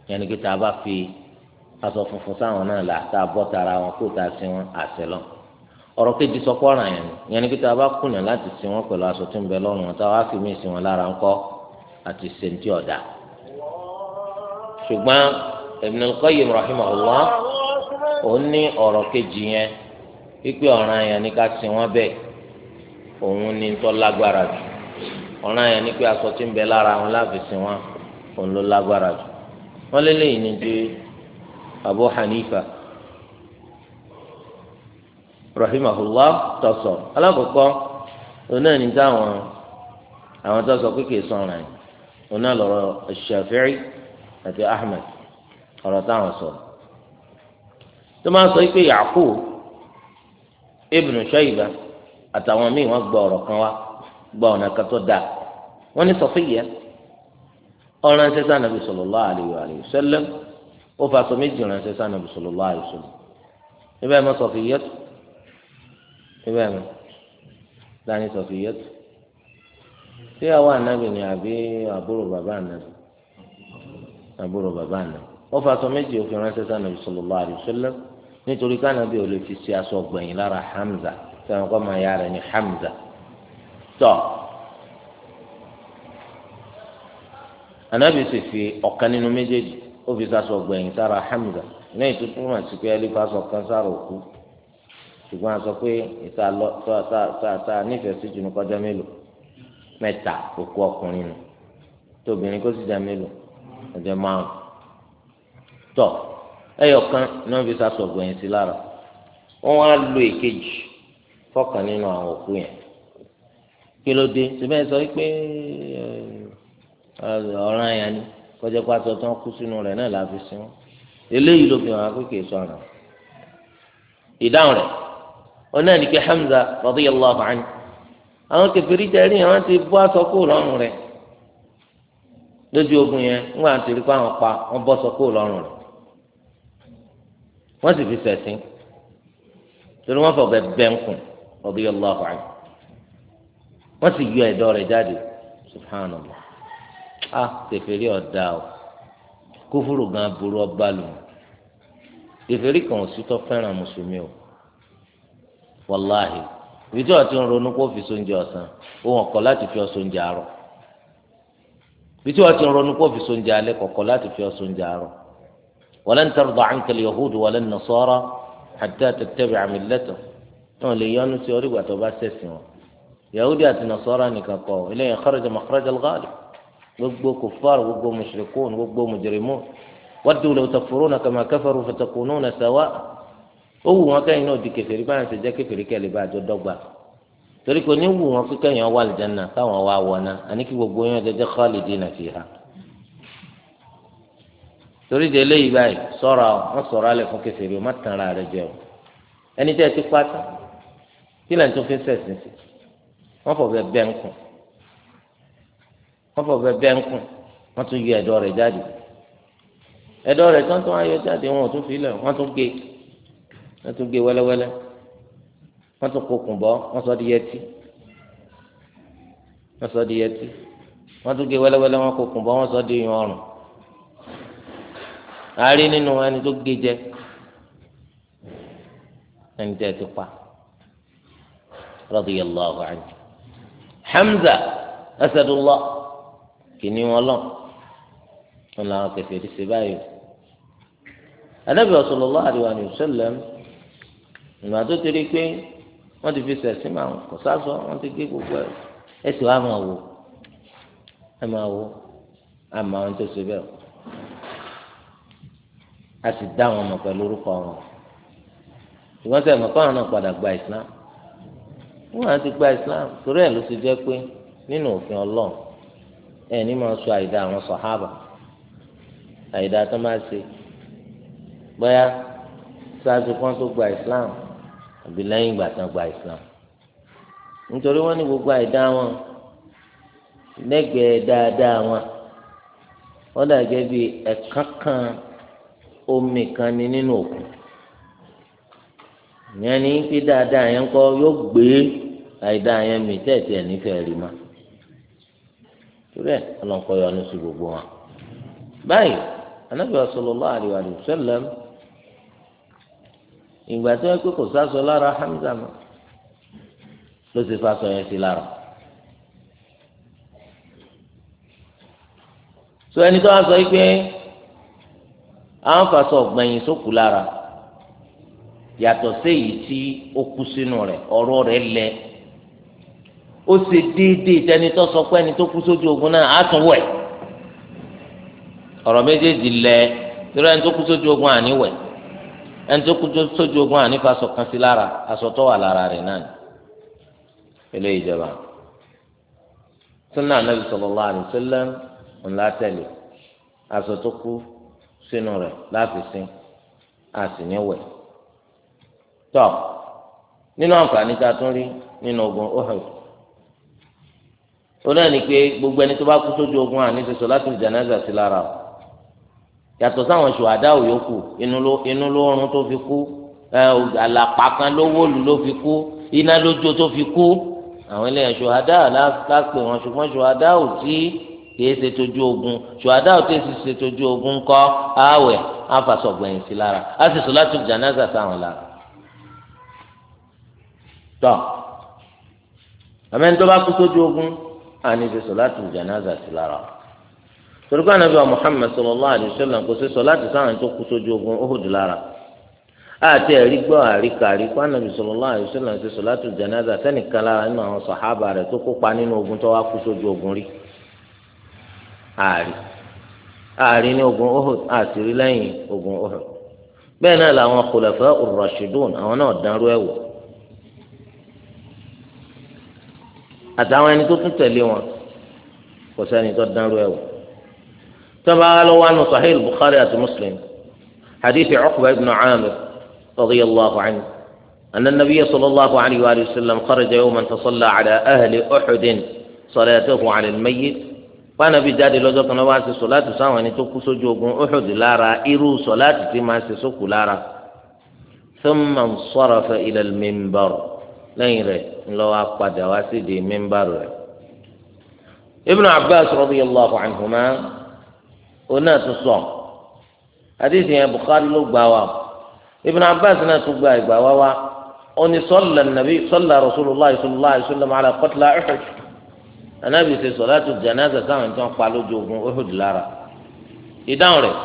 A: yẹnni kí tá a bá fi aṣọ funfun sáwọn náà là tá a bọ́ tara wọn kó tá a sin wọn àṣẹ lọ ọ̀rọ̀ kejì sọpọ́ ọ̀ràn yẹn ni yẹnni kí tá a bá kùnà láti sin wọn pẹ̀lú aṣọ tó ń bẹ lọ́rùn wọn tá a wá fi mí sin wọn lára ńkọ́ àti sèǹtì ọ̀dà ṣùgbọ́n Ibn al-Qayyim rahimahullah. òun ní ọ̀rọ̀ kejì yẹn pípé ọ̀ràn yẹn ni ká sin wọn bẹ́ẹ̀ òun ní tọ́ lágbára jù ọ̀ràn yẹn ni pé aṣọ tí ń bẹ lára wọn láàfin sin wọn òun ló lágbára jù wọn Abu Hanifa rahimahullah tọsọ alákọ̀ọ́kọ́ òun náà ní táwọn àwọn tọsọ kékeré sọ̀ràn yìí òun náà lọ́rọ̀ àti Ahmad ọ̀rọ̀ táwọn sọ̀rọ̀. tó máa sọ pé Yaqub ibn Shayba àtàwọn míì wọ́n gba ọ̀rọ̀ kan wá gba ọ̀nà kan tó dáa wọ́n ní Safiyya ọ̀ràn ṣẹ́sà nàbì sallallahu alaihi wa sallam ó fa aṣọ méjì ọ̀ràn ṣẹ́sà nàbì sallallahu alaihi wa sallam ibà ẹ̀mọ́ Safiyya ibà ẹ̀mọ́ dání Safiyya ṣé àwọn ànábì ni àbí àbúrò bàbá ànábì àbúrò bàbá ànábì ó fa aṣọ méjì òfin ránṣẹ́ sànàbì sallallahu alaihi wa sallam nítorí kánábì ò lè fi ṣe aṣọ gbẹ̀yìn lára Hamza sẹ́wọ̀n kọ́ máa ya rẹ̀ ní Hamza tọ́ anábì sì fi ọ̀kan nínú méjèèjì ó fi ṣaṣọ gbẹ̀yìn sára Hamza ní ìtútù mà sí pé ẹlẹ́fà sọ kan sára òkú ṣùgbọ́n a sọ pé ìta lọ tá tá tá tá nífẹ̀ẹ́ sí jùlọ kọjá mélòó mẹ́ta òkú ọkùnrin nù tóbìnrin kó sì já mélòó ọjọ́ márùn-ún tọ́. ẹyọkan ni wọ́n fi sàṣọgbọn yẹn sí lára wá lo èkejì fọkàn nínú àwọn òkú yẹn kí ló dé síbẹ̀ sọ pé ọ̀ràn yẹn ni kọjá pé aṣọ tó ń kú sínú rẹ̀ náà láfi sí wọn eléyìí ló fi hàn akéèké sọ̀rọ̀ ìdáhùn rẹ̀ wọn náà ní kí Hamza radiyallahu anhu àwọn kẹfìrí tẹ̀lé àwọn ti bọ́ aṣọ kúrò lọ́rùn rẹ̀ lójú ogun yẹn àwọn pa wọn bọ́ wọ́n sì fi sẹ̀sìn torí wọ́n fọ̀ bẹ́ẹ̀ ń kùn radiyallahu anhu wọ́n sì yọ ẹ̀dọ̀ rẹ̀ jáde subhanallah a tẹ̀fẹ̀rí ọ̀dà o kófòrò gan aburú ọba lò tẹ̀fẹ̀rí kan ò sí tó mùsùlùmí o wàláhì ìbí tí wọn ti ń ronú kó fi sóúnjẹ ọ̀sán òun ọkọ láti fi ọsóúnjẹ àárọ̀ ìbí tí wọn ti ń ronú kó fi sóúnjẹ alẹ́ kọkọ láti fi ọsóúnjẹ àárọ̀ ولن ترضى عنك اليهود ولا النصارى حتى تتبع ملته وليان سيورق وتوبات سيسيما يهودية النصارى نكاقوا إليه خرج مخرج الغالب وقبوا كفار وقبوا مشركون وقبوا مجرمون ودوا لو تكفرون كما كفروا فتكونون سواء هو ما كان ينودي كثير ما نسجد كثير كالي بعد ودوبا تريكو نيو ما في كان يوال الجنة كما واوانا أنك وقبوا يوجد خالدين فيها torí de eléyìí báyìí sọ̀rọ̀ àwọn wọ́n sọ̀rọ̀ alẹ́ fún kẹsìrì wọ́n má tàn ara rẹ jẹ o ẹni tẹ́ ẹ ti pátá kí lẹ́yìn tó fi sẹ̀sìn sí wọ́n fọ̀ bẹ́ẹ̀ bẹ́ẹ̀ ń kùn wọ́n fọ̀ bẹ́ẹ̀ bẹ́ẹ̀ ń kùn wọ́n tún yọ ẹ̀dọ̀ rẹ̀ jáde ẹ̀dọ̀ rẹ̀ tó ń tún ayọ̀ jáde wọn ò tún fi lẹ̀ wọ́n tún gé wọ́n tún gé wẹ́lẹ́wẹ́lẹ́ wọ́n tún kokùn bọ́ wọ́n sọ di yẹtí wọ́n sọ di yẹtí wọ́n tún gé wẹ́lẹ́wẹ́lẹ́ wọ́n kokùn bọ́ wọ́n sọ di yun ọrùn àárín nínú ẹni tó gé jẹ ẹni tẹ́ ti pa radiyallahu anhu Hamza Asadullah kìnìún ọlọ́n wọn làwọn kẹfẹ́ ti ṣe báyìí anabi sallallahu alaihi wa sallam ìgbà tó ti rí i pé wọ́n ti fi sẹsìn máa ń kọ sásọ wọ́n ti gé gbogbo ẹsẹ wa máa wò ẹ máa wò àmọ́ àwọn tó ṣe bẹ́ẹ̀ a sì dá wọn mọ̀ pẹ̀lú orúkọ wọn ṣùgbọ́n káwọn gba islam wọn àti gba islam torí ló ti pé nínú òfin máa sọ àìdá àwọn àìdá tó máa ṣe bóyá kan tó gba islam àbí ìgbà tán gba islam nítorí ní gbogbo àìdá wọn dáadáa wọn bíi kan. omi kan ni nínú òkun ìyẹn ní pé dáadáa yẹn kọ́ yóò gbé àìdáa yẹn ma torí ẹ̀ ọlọ́nkọ́ gbogbo wọn. báyìí anábìyà sallallahu alaihi wa sallam ìgbà tí wọ́n kò sásọ lára Hamza mọ́ ló ti yẹn sí lára. sọ ẹni tó wá sọ a n faso of soku lara yato sei ti o kusunu re oru re le o se deede tenito so peeni to kuso oju ogun naa atun we oromeje di lee si re en to kuso oju ogun a ni we en to kuso ogun a ni kansi lara asoto wa lara re naanile ijoba sotelan mevisolola alitelen onilasele aso soku sínú rẹ̀ láti sin àsìníwẹ̀ tọ́ nínú àǹfààní tá a tún rí nínú ogun ohun ó náà ní pé gbogbo ẹni tó bá kú sójú ogun àní ti sọ láti jẹnẹsà sí lára o yàtọ̀ sáwọn ṣùwádà òyòkù inú ló rún tó fi kú àlàpà kan ló wólu ló fi kú iná lójó tó fi kú àwọn eléyàn ṣùwádà lápè wọn ṣùgbọ́n ṣùwádà ò tí kìí ṣe tójú ogun ṣùgbọ́n àdáwò tó ṣe tójú ogun kọ́ àwẹ̀ àfàsọ̀gbẹ̀yìn sí lára á sì sọ̀látù jánásà sáwọn lára. tọ́ àmẹ́ni tó bá kú tójú ogun àní ṣe sọ̀látù jánásà sí lára. torí pé ànábì wa Muhammad sallallahu alaihi wasallam kò ṣe sọ̀látù sáwọn tó kú tójú ogun Uhud lára. àti ẹ̀rí gbọ́ àríkàrí pé ànábì sallallahu alaihi wasallam ṣe sọ̀látù jánásà sẹ́nìkan lára nínú àwọn sàhábà ààrí ààrí ní ogun Uhud àṣírí lẹ́yìn ogun Uhud bẹ́ẹ̀ náà làwọn kòlẹ̀fẹ́ ar àwọn náà dánrú ẹ̀wò àtàwọn ẹni tó tún tẹ̀lé wọn kò sẹ́ni tó dánrú ẹ̀wò tọ́ba alọ́wọ́ anu sahih Bukhari àti Muslim hadith Uqba ibn Amir radiyallahu anhu. أن النبي صلى الله عليه وآله وسلم خرج يوما فصلى على أهل أحد صلاته على الميت pàànàbí jáde lọ́jọ́ kan lọ́wọ́ àti sọ̀láàtì sáwọn ẹni tó kú sójú ogun Uhud lára irú sọ̀láàtì tí máa ṣe sókù lára thumma sarafa ila al-minbar lẹ́yìn rẹ̀ ńlọ́wọ́ apàdà wá sí di minbar rẹ̀. Ibn Abbas radiyallahu anhuma oní àtúnṣọ àdéhùn yẹn Bukhari ló gbà wá Ibn Abbas náà tún gba ìgbà wá wá oní sọ́lá nàbí sọ́lá rasulillah anábì ṣe sọ̀látù janaza sáwọn tí wọ́n pa lójú ogun Uhud lára ìdáhùn rẹ̀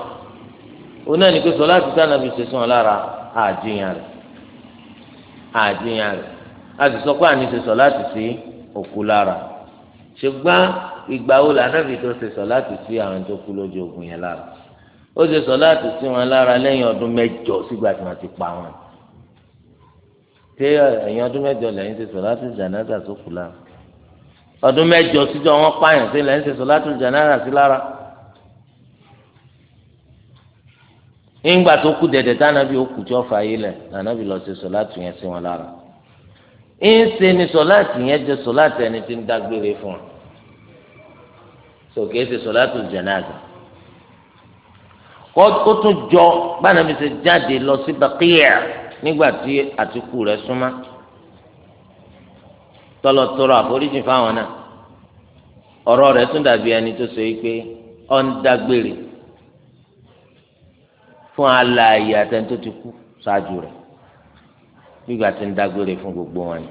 A: ó náà ní pé sọ̀látù tánábì ṣe sùn lára àjíyàn rẹ̀ àjíyàn rẹ̀ a sì sọ pé àní ṣe sọ̀látù sí òkú lára ṣùgbọ́n ìgbà wo lànàbì tó ṣe sọ̀látù sí àwọn tó kú lójú ogun yẹn lára ó ṣe sọ̀látù sí wọn lára lẹ́yìn ọdún mẹ́jọ sígbà tí wọ́n ti pa wọn ṣé ẹ̀yìn ọdún mẹ́jọ lẹ́yìn ṣe sọ̀látù jánásà sókù lára
B: ọdún mẹ́jọ síjọ wọn pààyàn sí
A: lẹ́yìn ṣe sọ̀látùl jánásà sí lára nígbà tó kú dẹ̀dẹ̀ tánàbí ó kù tí ó fààyè tánàbí lọ ṣe yẹn sí wọn lára ń ṣe ni sọ̀látù yẹn jẹ sọ̀látù ẹni tí ń dágbére fún un ṣe tọlọ tọrọ àforíjì fáwọn náà ọ̀rọ̀ rẹ̀ tún dàbí ẹni tó sọ pé ọ ń dágbére fún alààyè àtẹni tó ti kú ṣáájú rẹ̀ gbígbà tí ń dágbére fún gbogbo wọn ni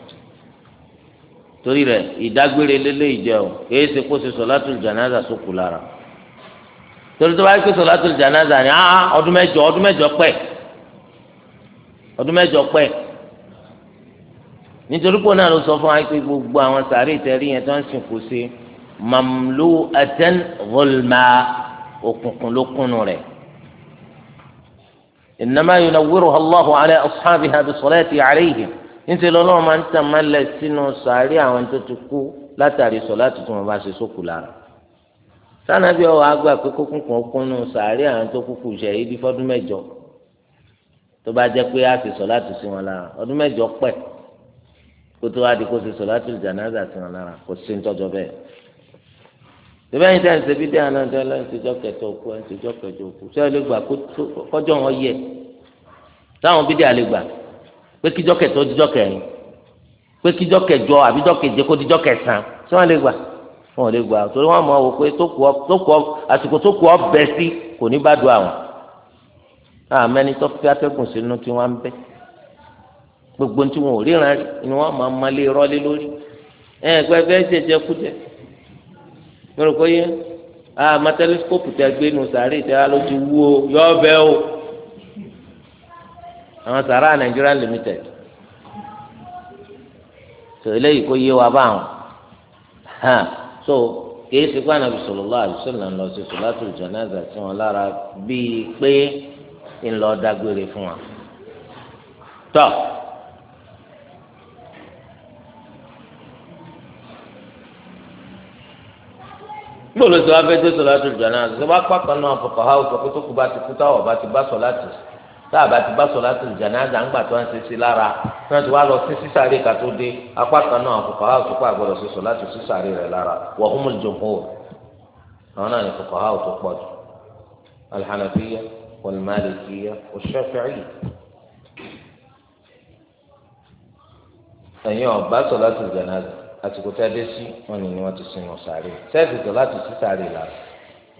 A: torí rẹ̀ ìdágbére lélẹyìí jẹ o kìí ṣe kó ṣe sọlátùl jánásà sókù lára torí tó bá yẹ kó sọlátùl jánásà ni ọdún mẹ́jọ ọdún mẹ́jọ pẹ́ ọdún mẹ́jọ pẹ́ nítorí pé náà ló sọ fún wa pé gbogbo àwọn sàárè ìtẹ̀rí yẹn tó ń sìnkú sí mamlu atan zulma òkùnkùn ló kúnnù rẹ̀ innama yunawwiruha Allahu ala ashabiha bisalati alayhim níṣẹ́ lọ́lọ́run máa ń tàn mọ́lẹ̀ sínú sàárè àwọn tó ti kú látàrí sọ̀láàtì tí wọ́n bá ṣe sókù lára sanabi ọwọ agba pé kókùnkùn ọkùnrin náà àwọn tó kúkú ṣe ibi fọdún mẹ́jọ tó bá jẹ pé a sì sọ láti sí wọn lára ọdún mẹ́jọ pẹ kótó wa di kó ṣe sọláàtì jànáza sí wọn lára kò sí ntọ́jọ́ bẹ́ẹ̀. bẹ́ẹ̀ ni táyà ń ṣe bí dáhà náà dáhà ń ṣèjọ́ kẹtọ òkú ń ṣèjọ́ kẹjọ òkú sẹ́yìn lè gbà kọjọ́ wọn yẹ táwọn bí dáhà gbà pé kíjọ́ kẹtọ jíjọ́ kẹrin pé kíjọ́ kẹjọ àbíjọ́ keje kó díjọ́ kẹsàn-án sẹ́wọ́n lè gbà wọn lè gbà torí wọn mọ̀ wò pé àsìkò tó ọ bẹ́ sí kò ní bá do àwọn àmẹ́ni tó fẹ́ atẹ́gùn sínú tí wọ́n ń gbogbo tí wọn ò ríran rí ni wọn máa ma lé rọlé lórí ẹ ẹ gbẹ bẹẹ jẹjẹ kújẹ mo rò pé yẹn àmà tẹlifíkópù tẹ gbé nu sàárè tẹ ló ti wú o yọ ọbẹ o àwọn sàárà Nigeria limited tó eléyìí kó yé wa báwọn hàn so kìí ṣe pé ànábì sallallahu alaihi wasallam lọ sí solatul janaza tí wọn lára bíi pé ńlọ dágbére fún wa tọ. So, gbọ́dọ̀ sọ afẹ́ tó sọlá tó jọ̀nà àti sọ́ba pàpà náà fọkàn ha sọ kótó tó kù bá ti kú táwọn bá ti bá sọlá tó tá a bá ti bá sọlá tó jọ̀nà àti àǹgbà tó ń sisi lára tí wọn lára náà ti wá lọ sí sisari ká tó dé apá kan náà fọkàn ha sọ pé àgbọ̀dọ̀ sí sọlá tó sísàárè rẹ̀ lára wọ́n mú jòkó àwọn náà ní fọkàn ha tó pọ̀ jù alhànàfíyà wàlmàlìkíyà òṣèfẹ̀rì ẹ̀yin ọ̀bá sọlá tó jọ̀nà àti àsìkò tẹ́ dé sí wọn ni wọ́n ti sinmi sàárè sẹ́ẹ̀sì tó láti sí sàárè là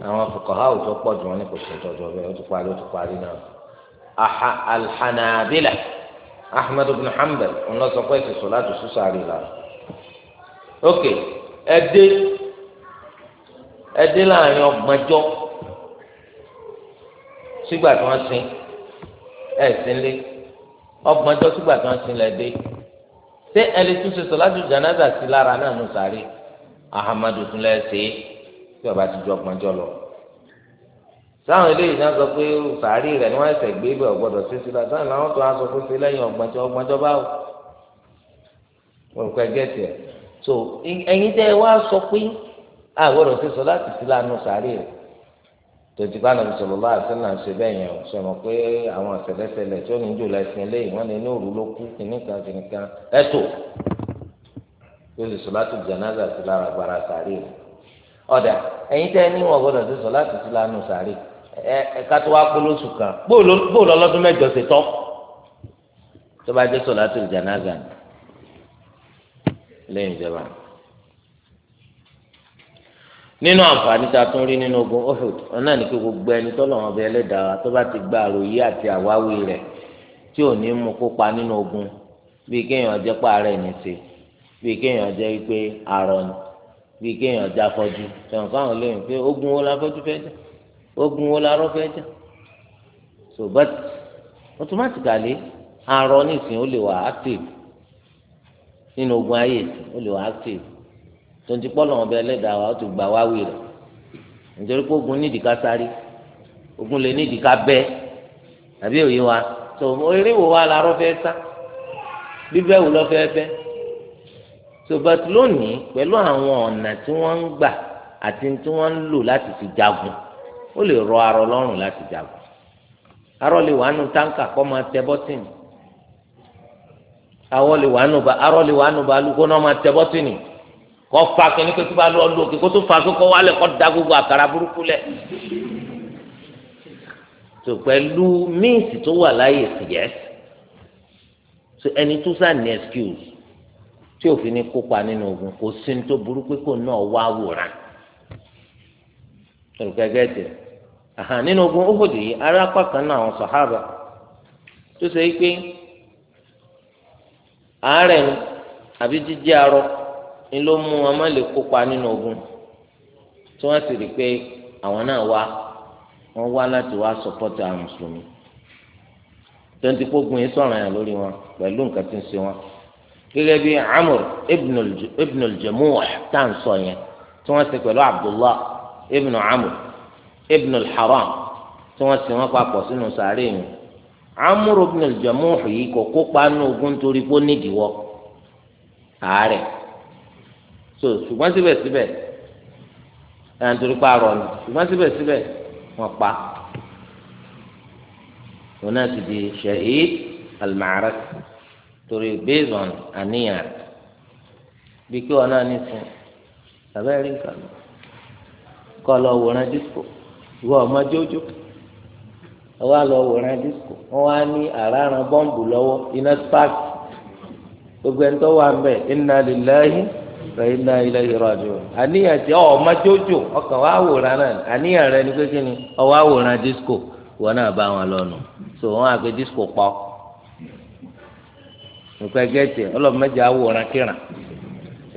A: àwọn afọkànhá òjò pọ̀ jù wọn ní kò sí ìtọ́jú ọbẹ̀ ó ti parí ó ti parí náà aha alhanabila ahmed ibn hanbal ọ̀nà sọ pé ẹ̀sìn sọ̀lá sí sàárè là ok ẹdẹ ẹdẹ láàrin ọgbọ̀njọ́ sígbà tí wọ́n sin ẹ̀ sínlé ọgbọ̀njọ́ sígbà tí wọ́n sin lẹ́dẹ́ ṣé ẹni tún ṣe sọláṣù jànáza sí lára náà nù sáré ahamadu tún lẹ ṣe tí ọba ti ju ọgbọ̀n jọ lọ sáwọn eléyìí náà sọ pé sáré rẹ ni wọn ẹsẹ gbé bẹ ọgbọdọ ṣe sí láti sáwọn àwọn tó wá sọ pé ṣe lẹ́yìn ọgbọ̀n jọ báwò olùkọ́ ẹgẹ tiẹ so ẹ̀yin tẹ wá sọ pé àgbọ́dọ̀ ṣe sọláṣù sí lára nù sáré rẹ tòtí bá nàbì sọlọ bá àti náà ṣe bẹ́ẹ̀ yẹn sọ mọ̀ pé àwọn àṣẹlẹsẹlẹ tí ó ní jù lẹ́sìn eléyìí wọ́n lè ní òru ló kú kìnnìkan kìnnìkan ẹ̀tọ́ tó lè sọ láti jẹnáza sí lára agbára sàárè rẹ̀ ọ̀dà ẹ̀yin tẹ́ ní wọn gbọ́dọ̀ ti sọ láti sí lánàá sàárè ẹ̀ ẹ̀ka tó wá lóṣù kan mẹ́jọ ṣe tọ́ nínú àǹfààní tá a tún rí nínú ogun Uhud ọ̀nà ní kí gbogbo ẹni tó lọ́wọ́ bẹ ẹlẹ́dàá tó bá ti gba àròyé àti àwáwí rẹ̀ tí ò ní mú kópa nínú ogun bíi kéèyàn jẹ́ pààrẹ̀ ní ṣe bíi kéèyàn jẹ́ pé àrọ̀ ni bíi kéèyàn jẹ́ afọ́jú sọ̀rọ̀ káwọn lóyún pé ogun wo la fọ́jú fẹ́ jà ogun wo la rọ́ fẹ́ jà so but automatically àrọ̀ nísìnyí ó lè wà active nínú ogun ayé ó lè wà active tonti pọ́ lọ́wọ́ bẹ́ẹ̀ lẹ́dàá wa ó ti gbà wá wí rẹ̀ nítorí pé ogun nídìí ká sáré ogun lè nídìí ká bẹ́ àbí òye wa tó eré wo wa làárọ̀ fẹ́ sá bíbẹ́ wò lọ́ fẹ́ fẹ́ tó bàtú lónìí pẹ̀lú àwọn ọ̀nà tí wọ́n ń gbà àti tí wọ́n ń lò láti fi jagun ó lè rọ arọ lọ́rùn láti jagun arọ lè wà táǹkà kọ́ máa tẹ bọ́tìnì arọ lè wà nù náà máa tẹ bọ́tìnì kọ́ fa kẹ́ni pé kí bá lọ lókè kó tó fa kókó wálẹ̀ kọ́ da gbogbo àkàrà burúkú lẹ̀ tó pẹ̀lú míìsì tó wà láyè sí yẹ so ẹni tó sá ní excuse tí òfin ní kópa nínú ogun kò sí ní tó burú pé kò náà wá wòran olùkẹ́gẹ́ tẹ̀ nínú ogun ókòdì yìí arápá kan náà àwọn sàhábà tó ṣe é pé àárẹ̀ àbí jíjẹ́ arọ ni ló mú wọn má lè kópa nínú ogun tí wọ́n sì rí i pé àwọn náà wá wọ́n wá láti wá sọpọ́tì àwọn mùsùlùmí tonti kpogun yìí sọ̀rọ̀ yẹn lórí wọn pẹ̀lú nǹkan tí ń ṣe wọn gẹ́gẹ́ bí amur ibn al-jamuh tá à ń sọ yẹn tí wọ́n ṣe pẹ̀lú abdullah ibn amur ibn al tí wọ́n ṣe wọn papọ̀ sínú sàárè yìí amur ibn al yìí kò kópa nínú ogun torí pé ó nídìíwọ́ àárẹ̀ so ṣùgbọ́n síbẹ̀síbẹ̀ ẹ̀ ń torí pa àrọ̀ ni ṣùgbọ́n síbẹ̀síbẹ̀ wọ́n pa òun náà ti di shahid almarak torí based on àníyàn bí kí wọn náà ní sùn tàbí ẹ̀rí nǹkan kọ́ lọ wòran disco ìwọ ọmọ jójó wọ́n á lọ wòran disco wọ́n wá ní àràràn bọ́ǹbù lọ́wọ́ iná spark gbogbo ẹni tó wà ń bẹ̀ inna lillahi. fẹ̀yìnà ilẹ̀ ìrọ̀jù àníyàn tí ọ̀ mọ́jọ́jọ́ ọkàn wà wòran náà àníyàn rẹ ni kékeré ni ọ wà wòran disco wọn náà bá wọn lọ nù so wọn àgbẹ̀ disco pọ̀ nǹkan gẹ́tì ọlọ́mọdé àwòrán kíran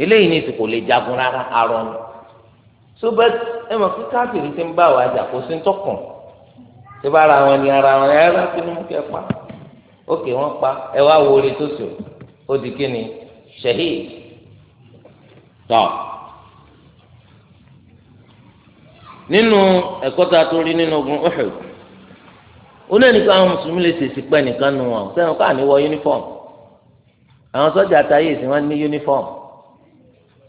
A: eléyìí ní ìsìnkú lè jagun rárá arọ ni so bẹ́ẹ̀ ẹ mọ̀ kí ti ń bá wa jà kó sí ń tọkàn tí bá ara wọn ni ara wọn ẹ pa ókè wọn pa ẹ wá tọ́ nínú ẹ̀kọ́ tá a tó rí nínú ogun Uhud oní ẹnìkan àwọn mùsùlùmí lè ṣèṣì pẹ́ nìkan nu wọn sẹ́wọ̀n káà ní wọ yúnífọ̀m àwọn sọ́jà àtàyè sí wọn ní yúnífọ̀m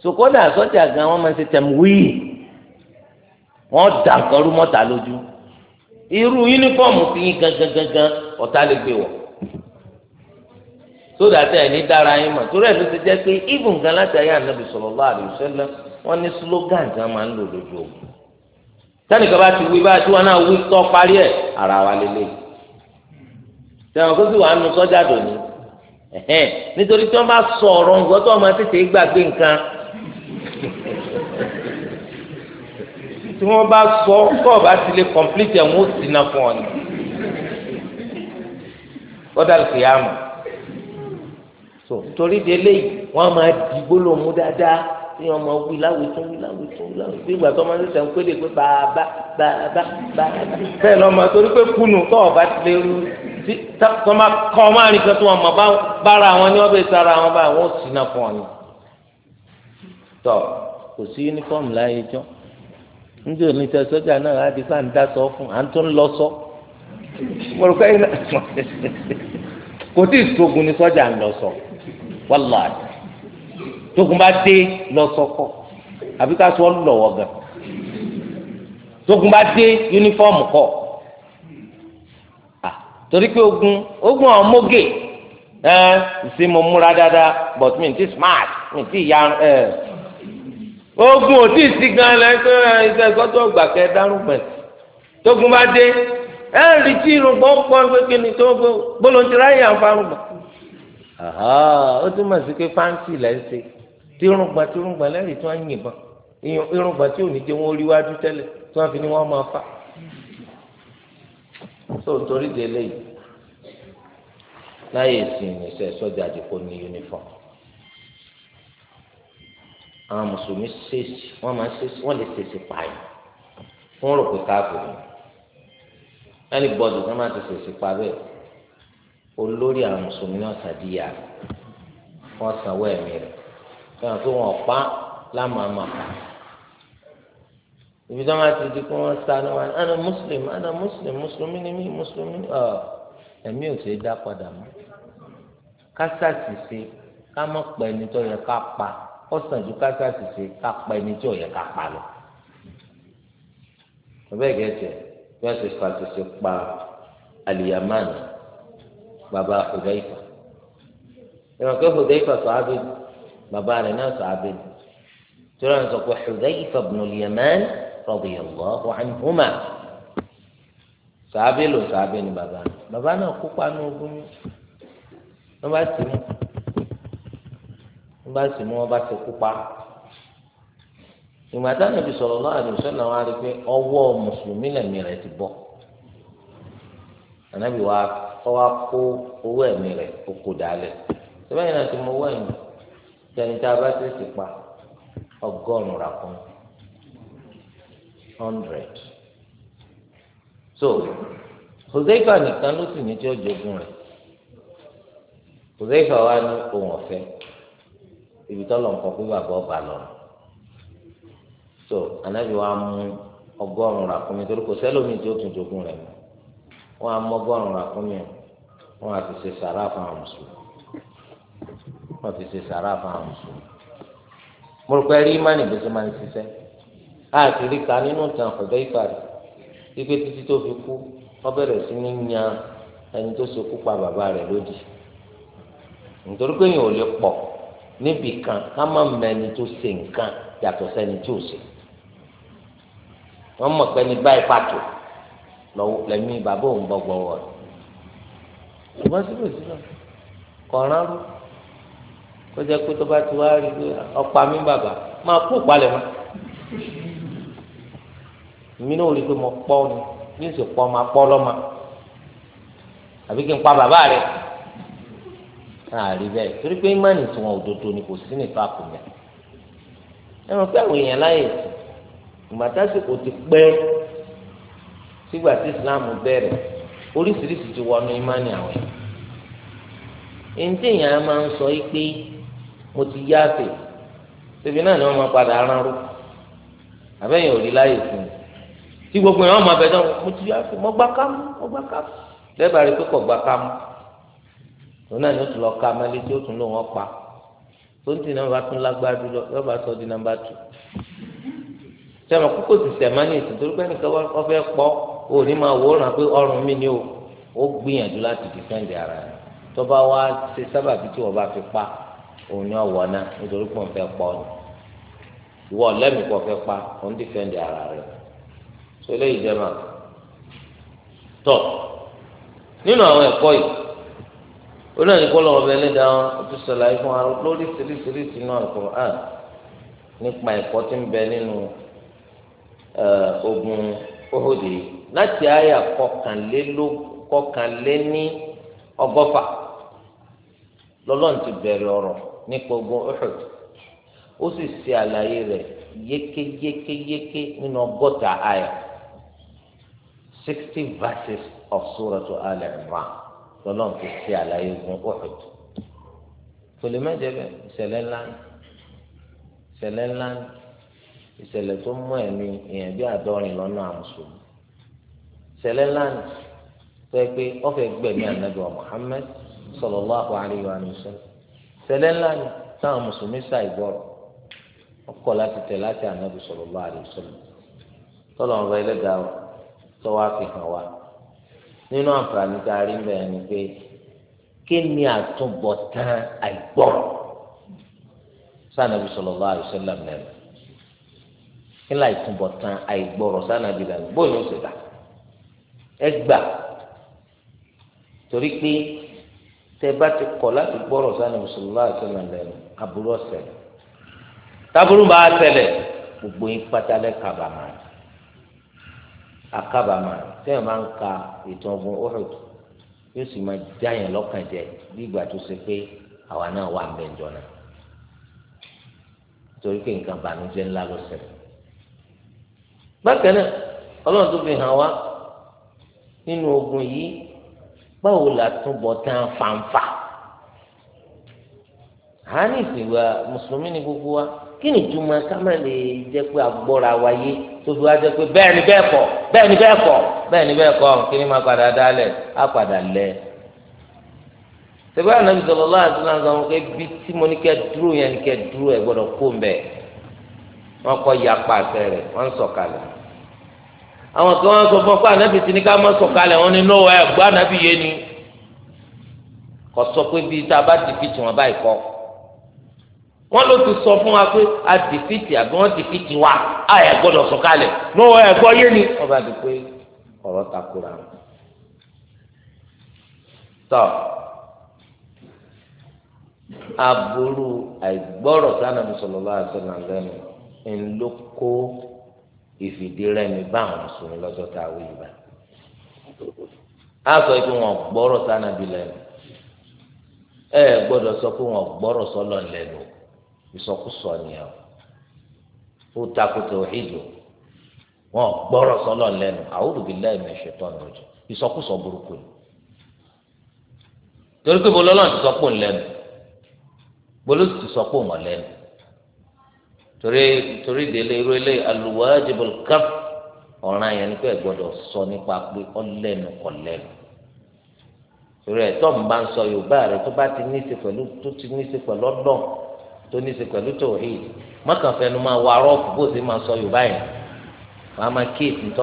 A: sòkòdà sọ́jà gan wọn máa ń ṣe tẹ̀mùwíì wọn dà nǹkan rú mọ́ta lójú irú yúnífọ̀m ti yín gangan gangan ọ̀tá lè gbé wọ̀ sódà tẹ ẹ ní dára yín mọ̀ torí ẹ̀ ló ti jẹ́ pé even gan láti ayé ànábì sallallahu alaihi wọ́n ní slogan tí wọ́n máa ń lò lójú bá ti wí báyìí tí wọ́n náà wí parí ẹ̀ ara wa lélẹ̀ kó sì nu dòní nítorí tí bá sọ nǹkan tètè gbàgbé nǹkan tí bá sọ ti lè ó sì náà fún ọ
B: ni lè fi yá
A: so torí de eléyìí wọn máa di gbólóhùn dáadáa tí wọn máa wí láwùí tún wí láwùí tún wí láwùí bí ìgbà tó máa ń sẹ̀sẹ̀ ń pélé pé bàbá bàbá bàbá bẹ́ẹ̀ lọ́ máa torí pé kùnú tó ọba ti lè rú tí tó máa kọ́ máa rìn kan tó wọn máa bára wọn ní ọbẹ̀ sára wọn bá wọn ò sí náà fún ọ ni. tọ kò sí yunifọ́ọ̀mù láyé jọ níbi òní tẹ sọ́jà náà á di fáwọn dá sọ fún à ń tún lọ sọ mo rò pé kò tí ì sógun ni sọ́jà ń lọ sọ. wàlá tókun bá dé lọ sọkọ àbí ká sọ gan tókun bá kọ torí ogun ogun àwọn mọ́gè ẹ ṣe mo múra dáadáa but mi ti smart mi ya ẹ ogun ò tí ì sí gan tókun bá dé ẹ rí tí irun pé kí ó túmọ̀ sí pé fáǹsì lẹ́ ń ṣe tí irungba tí irungba lẹ́rìí tí wọ́n ń yìnbọn irungba tí ò ní jẹ́ wọ́n rí wájú tẹ́lẹ̀ tí wọ́n fi ni wọ́n máa fà. so torí de eléyìí láyé ìsìn ìṣe sọ́jà àdìpọ̀ ní uniform àwọn mùsùlùmí ṣèṣì wọ́n máa ṣèṣì wọ́n lè ṣèṣì pààyàn wọ́n rò pé káàbò ni ẹnì bọ́dù kan máa ti ṣèṣì pa bẹ́ẹ̀ olórí àwọn mùsùlùmí náà sàdíyà wọn sanwó ẹ̀mí rẹ̀ fẹ́ràn pé wọn pa lámàmàkà ibi tí wọn ti di pé wọn sá ni wọn ana muslim ana muslim mùsùlùmí ni mí mùsùlùmí ọ ẹ̀mí ò ṣeé dá padà mọ́ kásásì ṣe ká má pa ẹni tó yẹ ká pa ó sàn ju kásásì ṣe ká pa ẹni tó yẹ ká pa lọ ọbẹ̀ gẹ̀ẹ́tẹ̀ bí wọ́n ti fàṣẹṣẹ pa àlìyàmánu bàbá Hudayfa ìwọ̀n pé Hudayfa sàábì bàbá rẹ̀ náà sàábì tura ń sọ pé Hudayfa ibn al-Yaman radiyallahu anhuma sàábì ló sàábì ni bàbá rẹ̀ bàbá náà kópa ní ogun ní wọ́n bá sì mú wọ́n bá sì mú wọ́n bá sì kópa ìgbà táwọn ibi sọ̀rọ̀ lọ́wọ́ àdùnsọ́ làwọn á rí i pé ọwọ́ mùsùlùmí lẹ́mìí rẹ̀ ti bọ́ ànábì wàá ọwọ́ kó owó ẹ̀mí rẹ̀ kókó dálẹ̀ sẹ́fẹ̀yìn náà ti mọ owó ẹ̀mí tẹni tá a bá ti sì pa ọgọ́rùn-ún rà kún hundred so Huzaifa nìkan ló sì ní tí ó jogún rẹ̀ Huzaifa wa ní ohun ọ̀fẹ́ ibi tọ́lọ̀ nǹkan pé bàbá ọba lọ so anabi wa mú ọgọ́rùn-ún rà kún mi torí kò sẹ́lómi tí ó tún jogún rẹ̀ mọ́. wọn amọgọrùn ràkúnmí o wọn àti ṣe sàrà fún àwọn mùsùlùmí wọn àti ṣe sàrà fún àwọn mùsùlùmí mo ka nínú ìtàn ọ̀dọ́ ìfàdí wípé títí tó fi kú wọ́n bẹrẹ sí ní yan ẹni tó ṣekú pa bàbá lódì nítorí pé èèyàn ò lè níbì kan ká má tó ṣe nǹkan yàtọ̀ sẹ́ni tí lẹ́mí bàbá òun bọ́ gbọ́wọ́ rẹ̀ ṣùgbọ́n síbẹ̀síbẹ̀ kọ̀ọ̀rán rú kó jẹ́ pé tó bá ti wá rí pé ọ̀pá mi bàbá máa kú ìpalẹ̀ mọ́ èmi náà rí i pé mo pọ́ ni bí n sì pọ́ máa pọ́ lọ́mọ àbí kí n pa bàbá rẹ̀ àárí bẹ́ẹ̀ torí pé ìmánì tí wọn òdodo ni kò sí nípa kò yẹn pé àwọn èèyàn láyè ìgbà tásìkò ti pẹ́ sígbà tí islam bẹ̀rẹ̀ oríṣiríṣi ti wọnú imáni àwọn yìí ntí èèyàn máa ń sọ ti yáàfẹ́ ṣèbí náà ni wọ́n máa padà aránró àbẹ́yìn ò láyè fún tí gbogbo yẹn wọ́n máa bẹ̀ mo ti yáàfẹ́ mo gbá kámú mo gbá kámú lẹ́bàá rí pé kò gbá kámú òun náà ni ó tún lọ ká tí ó tún lò wọ́n pa tó ń tì náà bá tún lọ yóò bá sọ di nàmbà tù sẹ́wọ̀n kókò ti sẹ̀ mọ́ ní ìsìn o ní máa wòóràn pé ọrùn mi ni o ó gbìyànjú láti dìfẹ́ǹdì ara rẹ̀ tó bá wá ṣe sábàbí tí wọ́n fi pa òun ni ọ̀wọ́ náà nítorí pọ̀ ń fẹ́ pọ̀ ni ìwọ lẹ́mìí kọ́ fẹ́ pa òun dìfẹ́ǹdì ara rẹ̀ tó lè jẹ́mà tọ̀ nínú àwọn ẹ̀kọ́ yìí ó náà ní kó lọ́wọ́ bẹ́ẹ̀ lẹ́dàá wọn ó ti sọ̀rọ̀ àyè fún wa lórí sírísírísí náà ẹ̀kọ́ àn nípa ẹ̀kọ́ tí ń ogun Uhud láti àyà kọkànléní ọgọ́fà lọ́lọ́run ti bẹ̀rẹ̀ ọ̀rọ̀ nípa ogun Uhud ó sì ṣe àlàyé rẹ̀ yékéyékéyéké nínú ọgọ́ta àyà sixty verses of suratu Al-Imran lọ́lọ́run ti ṣe àlàyé ogun Uhud tòlímẹ́jẹ̀bẹ̀ ìṣẹ̀lẹ̀ ńlá ìṣẹ̀lẹ̀ ńlá ìṣẹ̀lẹ̀ tó mú ẹ̀mí ìyẹn bí àádọ́rin lọ́nà àmùsùlùmí. ṣẹlẹ̀ lánàá tó pé ọfẹ gbẹmí anabi wa Muhammad sallallahu alayhi wa sallam ṣẹlẹ̀ lánàá táwọn mùsùlùmí ṣàìgbọrọ ọkọ láti tẹ láti anabi sallallahu alayhi wa sallam tọlọ ń rọ ẹlẹdàá tọwọ wa nínú àǹfààní tá a rí ń ni pé kí ni àìgbọrọ alayhi wa kí ni àìgbọrọ bóyá Egba, torí pé tẹ bá ti kọ̀ láti gbọ́rọ̀ sani mùsùlùmá àtẹnà lẹ́nu aburú ọ̀sẹ̀ táburú bá tẹlẹ̀ gbogbo yín pátá lẹ́ kábàámà akábàámà tẹ́yìn máa ń ka ìtàn ọgbọ́n ọ̀hún yóò sì máa já yẹn lọ́kàn jẹ bí ìgbà tó ṣe pé àwa náà wà ń torí pé nǹkan ńlá ló bákan nínú ogun yìí báwo la túbọ̀ tán fanfa mùsùlùmí ni gbogbo wa kí ni ìtumọ̀ ká má lè jẹ́ pé agbọ́ra wáyé tó fi wá jẹ́ pé bẹ́ẹ̀ ni bẹ́ẹ̀ kọ́ bẹ́ẹ̀ ni bẹ́ẹ̀ kọ́ bẹ́ẹ̀ ni bẹ́ẹ̀ kọ́ kí ni máa padà dálẹ̀ á padà lẹ̀ sẹ́gbẹ́ ànábi sọ̀rọ̀ lọ́wọ́ àti náà sọ̀rọ̀ pé bí tí mo ní kẹ́ dúró yẹn ní kẹ́ dúró yapa wọ́n àwọn kan wọn sọ fún ọ pé ànábì ti ní ká má sọ̀kalẹ̀ wọn ní nọwọ ẹ gbọ́ ànábì yé ni kò sọ pé bíi tá a bá dìfìtì wọn báyìí kọ wọn ló ti sọ fún wa pé a dìfìtì àbí wọn dìfìtì wa a yẹ gbọ́dọ̀ sọ̀kalẹ̀ nọwọ ẹ gbọ́ yé ni ọba di pé ọ̀rọ̀ takora tọ aburú àìgbọ́rọ̀ sanamu sọlọ bá a sọ nàlẹ nù ìfìdírẹ́mi bá àwọn mùsùlùmí lọ́jọ́ tá a wí yìí bá a sọ pé wọn gbọ́rọ̀ sànàbí lẹ́nu ẹ gbọ́dọ̀ sọ pé wọn gbọ́rọ̀ sọlọ lẹ́nu ìsọkúsọ nìyẹn ó takoto ìdò wọn gbọ́rọ̀ sọlọ lẹ́nu a'udhu billahi minash shaitani rajim ìsọkúsọ burúkú ni torí pé bọlọ́lọ́ ti sọ pé òun lẹ́nu ti sọ pé torí torí ìdílé irú ilé aluwajibul kaf ọ̀ràn yẹn ni pé ẹ sọ nípa pé ọlẹ́nu ọlẹ́nu torí tó ń bá ń sọ yorùbá rẹ tó bá ti ní í pẹ̀lú tó ti ní í pẹ̀lú ọdọ̀ tó ní í pẹ̀lú sọ yorùbá yẹn máa tó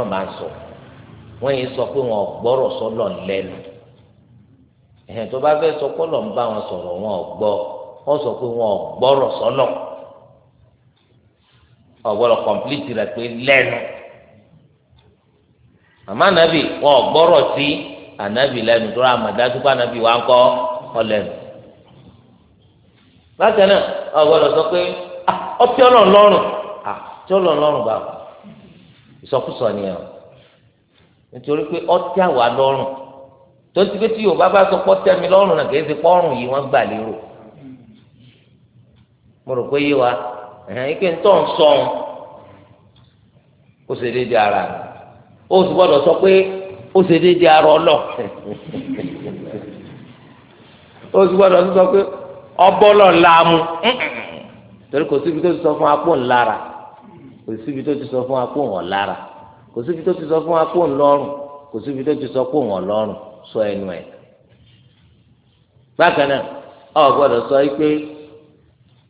A: ń bá ń sọ wọ́n yìí sọ pé gbọ́rọ̀ sọ́lọ̀ lẹ́nu ẹ̀hìn tó sọ ń bá wọn sọ̀rọ̀ wọn sọ pé ọ̀gbọ́dọ̀ kọ̀m̀plìtì rẹ̀ pé lẹ́nu àmọ́ ànábì wọn ò sí anabi lẹ́nu tó rà àmàdájú pé ànábì wa ń kọ́ ọlẹ́nu bákan náà ọ̀gbọ́dọ̀ sọ pé ọtí ọtí báwo ìsọkúsọ nítorí pé ọtí tó ti pé tí Yorùbá bá sọ pé ọtí náà kì í yìí gbà lérò mo rò ẹ̀hẹ́n ike ńtọ́ ń sọ ọ́n ó ṣe déédéé ara rẹ̀ ó sì gbọ́dọ̀ sọ pé ó ṣe déédéé ara ọlọ́ ó sì gbọ́dọ̀ sọ pé
B: ọbọ́lọ̀ làámu
A: torí kò síbi tó ti sọ fún apò ńlára kò síbi tó ti sọ fún apò ńlára kò síbi tó ti sọ fún apò ńlọ́rùn kò síbi tó ti sọ pò ńlọ́rùn sọ ẹnu ẹ̀ bákan náà ọ̀ gbọ́dọ̀ sọ pé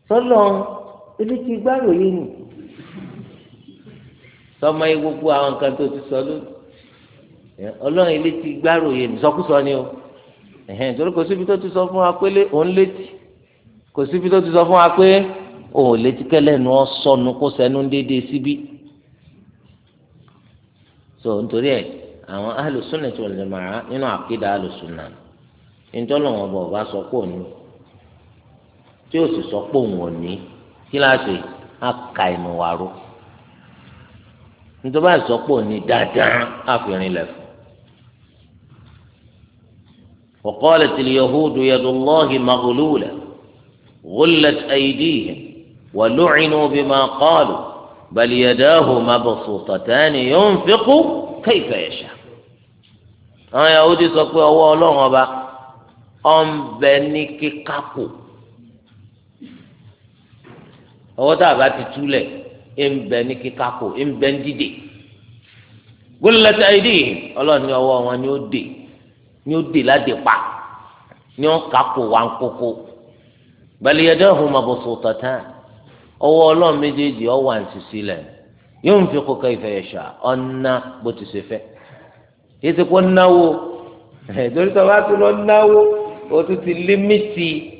A: sọlọ́ọ̀ ebi ti gbárò yé nì sọmọ yìí gbogbo àwọn nǹkan tó ti sọ lónìí ọlọ́run ilé ti gbárò yé nì sọkúsọ ni o torí kò síbi tó ti sọ fún wa pé òun létí kò síbi tó ti sọ fún wa pé òun létí kẹlẹ́nu ọ̀sọ́nu kó sẹ́nu déédéé síbí so nítorí ẹ̀ àwọn alùsùnà tí wọ́n lè mara nínú àkídà alùsùnà nítorí wọn bọ̀ bá sọ pé òun tí ó sì sọ pé òun ò ní kíláàsì àkà ìmùwàrú nítorí àìsọ́pọ̀ ní dáadáa àfihàn ilẹ̀ fún. وقالت اليهود يد الله مغلولة غلت أيديهم ولعنوا بما قالوا بل يداه مبسوطتان ينفق كيف يشاء àwọn yahudi sọ pé ọwọ́ ọlọ́run ọba ọ̀nbẹ ní kíkákò ọwọ́ tá a bá ti túlẹ̀ ẹ̀ ń bẹ ní kíkà kó ẹ̀ ń bẹ ń dìde ọlọ́run ní ọwọ́ wọn ni ó dè ni ó dè láti pa ni ó kà kó wá ń kókó ma bọ̀ sọ̀tọ̀ tán ọwọ́ ọlọ́run méjèèjì ọwọ́ à lẹ̀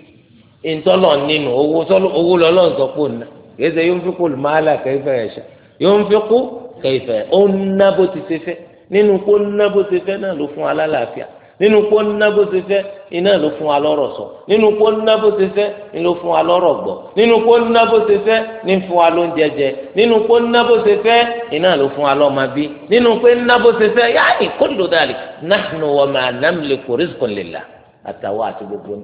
A: ntọ́lọ̀ nínú owó owó lọ́lọ́run sọ pé ònà kìí ṣe yóò fi kó màálà kẹfẹ́ ẹ̀ṣà yóò fi kó kẹfẹ́ ó ná bó ti ṣe fẹ́ nínú kó ná bó ti fẹ́ náà ló fún alálàáfíà nínú kó ná bó ti fẹ́ iná ló fún alọ́rọ̀ sọ nínú kó ná bó ti fẹ́ ni ló fún alọ́rọ̀ gbọ́ nínú kó ná bó ti fẹ́ ni fún alóúnjẹ jẹ nínú kó ná bó ti fẹ́ iná ló fún alọ́mọ bí nínú pé ná bó ti fẹ́ yáàyè kó ló dàlí nahnu wa ma namliku rizqan lillah àtàwọn àti gbogbo ń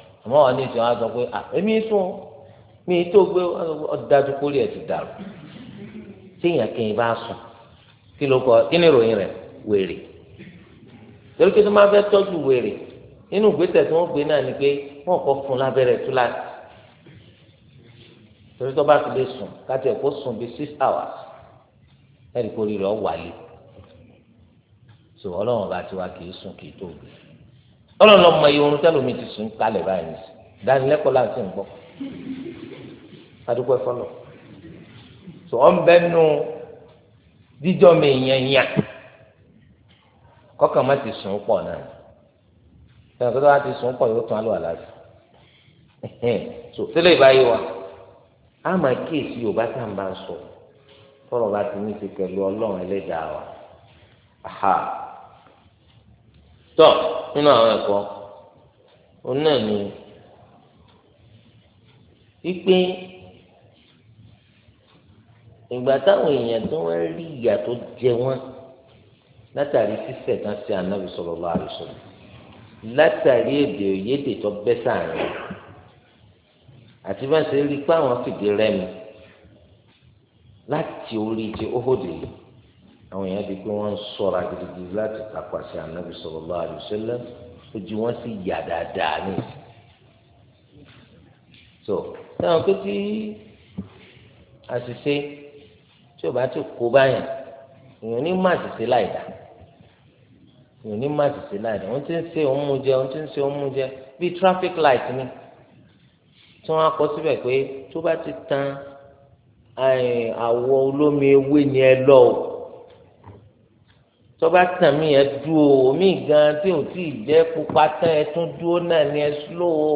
A: àmọ́ wọn ní ìṣòro àtọ pé èmi sùn mi tó gbé ọdájú kórè ẹ ti dàrú téèyàn kìí bá sùn kí ló kọ kí ni ìròyìn rẹ wèrè torí pé tó máa fẹ́ tọ́jú wèrè nínú ìgbésẹ̀ tí wọ́n gbé náà ni pé wọ́n kọ́ fún lábẹ́rẹ́ túláàsì torí tó bá ti lè sùn káti ẹ̀ kó sùn bíi six hours ẹ̀rí kórìí rẹ̀ ọ̀ wálé sọ ọlọ́run bá ti wá kì í sùn kì í tó gbé ọlọ́run lọ́mọ iye oorun tẹ́lómi ti sùn kalẹ̀ báyìí ní sí dánilẹ́kọ̀ọ́ láti ń gbọ́ adúgbò ẹ̀fọ́lọ̀ tó ọ́n bẹ́ nu díjọ́ mi yẹn yàn kọ́kàn má ti sùn pọ̀ náà sọ̀rọ̀ kọ́kàn má ti sùn pọ̀ yóò tún alọ́ àlàáfíà tó tẹ́lẹ̀ báyìí wa a máa kíyèsí yorùbá tá à ń bá ń sọ tọ́rọ̀ bá ti ní í ṣe pẹ̀lú ọlọ́run ẹlẹ́dàá wa. tọ nínú àwọn ẹ̀kọ́ òun náà ni wípé ìgbà táwọn èèyàn tó wọn rí ìyà tó jẹ wọn látàrí sísẹ sí Ànábì sallallahu alaihi wasallam látàrí èdè òyédè tó bẹ sáàrin àti bá ṣe rí i pé àwọn fìdí rẹmi láti orí àwọn èèyàn di pé wọ́n ń sọ̀rọ̀ gidigidi láti tàpàṣẹ ànábì sallallahu alaihi wasallam ojú wọn sì yà dáadáa ní so táwọn pé tí àṣìṣe tí ò bá ti kó báyàn èèyàn ní má ṣìṣe láì dá èèyàn ní má ṣìṣe láì dá wọ́n ti ń ṣe òun mú jẹ wọ́n ti ń ṣe òun mú jẹ bíi traffic light ni tí wọ́n á kọ síbẹ̀ pé tó bá ti tan àwọ̀ olómi ewé ni ẹ lọ o tọ́ba tàn mí ẹ dúró mí gan tí ò tí ì jẹ́ pupa tán ẹ tún dúró náà ni ẹ sílò ó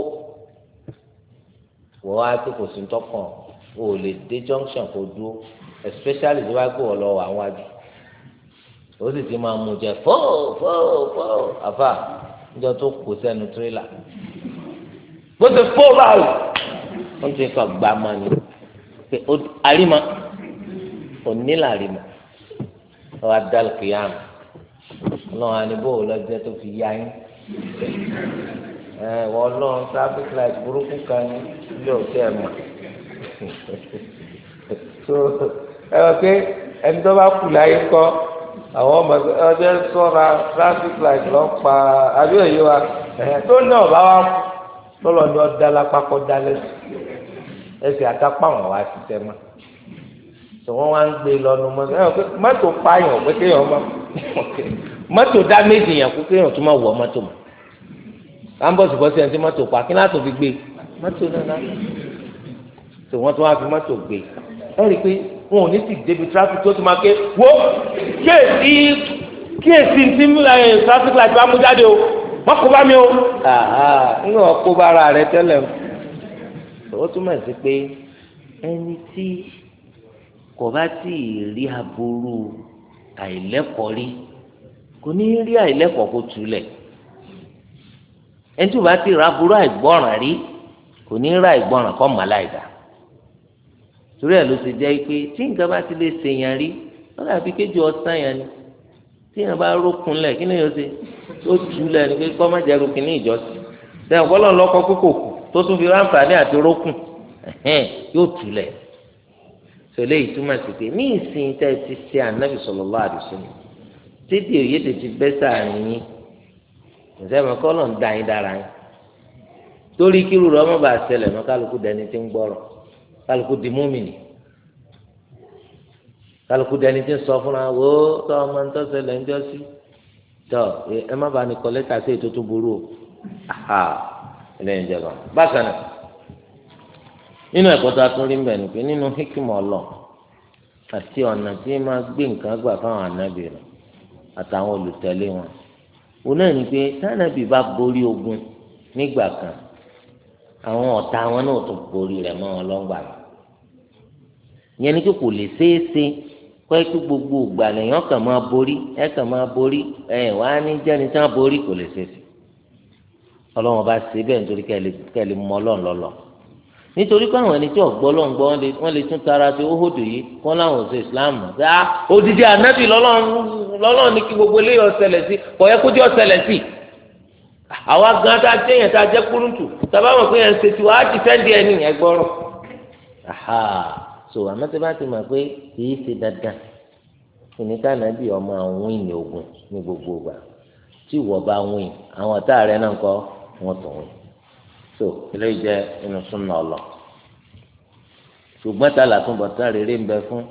A: wọ́n á tó kò sí tọkàn o lè dé junction kò dúró especially tó bá gbọ́ lọ àwọn àjò ó sì ti máa mú jẹ fóò
B: fóò fóò
A: àfà níjọ tó kó sẹ́nu tírélà bó ṣe fóò báyìí wọ́n ti kọ́ gbà má ni pé àrímà onílà àrímà wọ́n á dá lùkìyàmù ọlọ́run àníbò lọ́jọ́ tó fi yá yín ẹ wọ́n lọ́run traffic light burúkú kan ní ilé òkè ẹ̀ mọ̀ so ẹ wọ́n pé ẹni tó bá kù láyé kọ́ àwọn ọmọ ọjọ́ sọ́ra traffic light lọ́ pa àbí òye wa tó náà bá wà kú lọ́lọ́ ni wọ́n dá lápapọ̀ dá lẹ́sìn ẹsẹ̀ àtàpá wọn wá sí tẹ́ mọ́ tí wọ́n wá ń gbé lọ́nu mọ́tò mọ́tò pààyàn pé kéèyàn máa. mọ́tò dá méjì yẹn kó kéèyàn tó máa wọ mọ́tò mọ́ ambọ̀sì bọ́sì ẹni tí mọ́tò pa kí náà tó fi gbé mọ́tò náà tó wọ́n tó wá fi mọ́tò gbé ẹ rí i pé wọn ò ní sì débi tráfíkì tó ti máa ké wo kíyèsí kíyèsí tí tráfíkì láti bá mú jáde o wọ́n bá mi o. n yóò kó bára rẹ tẹ́lẹ̀ ó túmọ̀ sí pé ẹni tí kò bá tí ì rí aburú àìlẹ́kọ̀ọ́ rí kò ní rí àìlẹ́kọ̀ọ́ kó túlẹ̀ ẹni tí o ti ra burú rí kò ní ra àìgbọ́ràn kọ́ mọ́ aláìdá torí ẹ̀ ló ti jẹ́ pé tí nǹkan bá ti lè rí wọ́n dàbí kéjì ọ̀sán ni tí yẹn bá rókunlẹ̀ kí ni yóò ṣe ó túlẹ̀ ni pé kọ́ má jẹ́ rókun ní tẹ̀ lọ́kọ́ tó tún tídì òyedè ti bẹ́ sáàrin yín ǹsẹ́ mọ̀ kọ́ da yín dára yín torí kíru rẹ̀ ọmọ bá ṣẹlẹ̀ mọ́ kálukú dẹni tí ń gbọ́rọ̀ kálukú di múmìnì kálukú tí sọ fúnra tọ́ ọmọ ń tọ́sẹ̀lẹ̀ ń jọ́ sí tọ́ ẹ má bàa ní kọ́lẹ́tà sí ètò tó burú o aha ẹlẹ́yin jẹba bákan nínú ẹ̀kọ́ tó a tún rí mbẹ̀ ni pé nínú hikimọ̀ ọlọ́ àti ọ̀nà tí gbé àtàwọn olùtẹ̀lé wọn òun náà ní pé tánàbì bá borí ogun nígbà kan àwọn ọ̀tá wọn náà tó borí rẹ̀ mọ́ wọn lọ́ngbà yìí ìyẹn ni pé kò lè ṣeé ṣe kọ́ ikú gbogbo ìgbà lèèyàn kàn máa borí ẹ kàn máa borí ẹ wá ní jẹ́ni tí wọ́n borí kò lè ṣeé ṣe ọlọ́run bá ṣe bẹ́ẹ̀ nítorí kẹ́lẹ́ mọ́ ọlọ́run lọ́lọ́ọ̀ nítorí pé àwọn ẹni tí ọgbọ́ ló ń gbọ́ wọ́n lè tún tara sí óhòdù yìí kọ́ láwọn ọ̀sẹ̀ islam ṣá ah, odidi anabi lọ́lọ́run ní kí gbogbo eléyìí ọ̀sẹ̀lẹ̀ sí kò yẹ kó jẹ́ ọ̀sẹ̀lẹ̀ sí. àwa gan tá a jẹ́ yẹn tá a jẹ́ kúrúntù tàbá mọ̀ pé yẹn ṣe tiwa á ti fẹ́ẹ́ di ẹni yẹn so àmọ́ tí bá ti mọ̀ pé kì í ṣe dandan ìníkà anabi ọmọ àwọn ìní ogun ní gbogbo ìgbà tí so eléyìí jẹ́ inú súnà ọlọ ṣùgbọ́n tààlà tún bọ̀ tá rere ń bẹ fún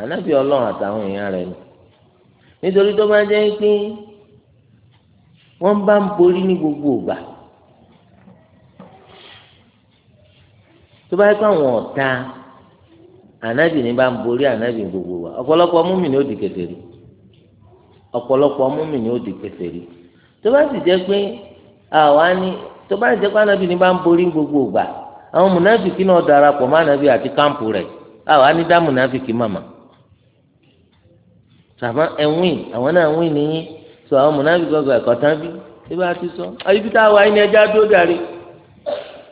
A: ànábì ọlọ́run àtàwọn èèyàn rẹ̀ ni nítorí tó bá jẹ́ pé wọ́n bá ń borí ní gbogbo ìgbà tó bá yẹ kó àwọn ọ̀tá ànábì ní bá ń borí ànábì ní gbogbo ìgbà ọ̀pọ̀lọpọ̀ múmi ni ó di kèfèrí ọ̀pọ̀lọpọ̀ múmi ni ó di kèfèrí tó bá sì jẹ́ pé àwa ní tó bá jẹ́ pé anabi ní bá ń borí gbogbo ìgbà àwọn mùnàfíkì náà darapọ̀ mọ́ anabi àti kámpù rẹ̀ àwọn anidá mùnàfíkì màmá sàmá ẹ̀wìn àwọn náà wìn nìyí sọ àwọn mùnàfíkì ọgbà ẹ̀kọ́ tán bí ṣé bá ti sọ ayíbi tá a wà ní ẹja dúró dàrí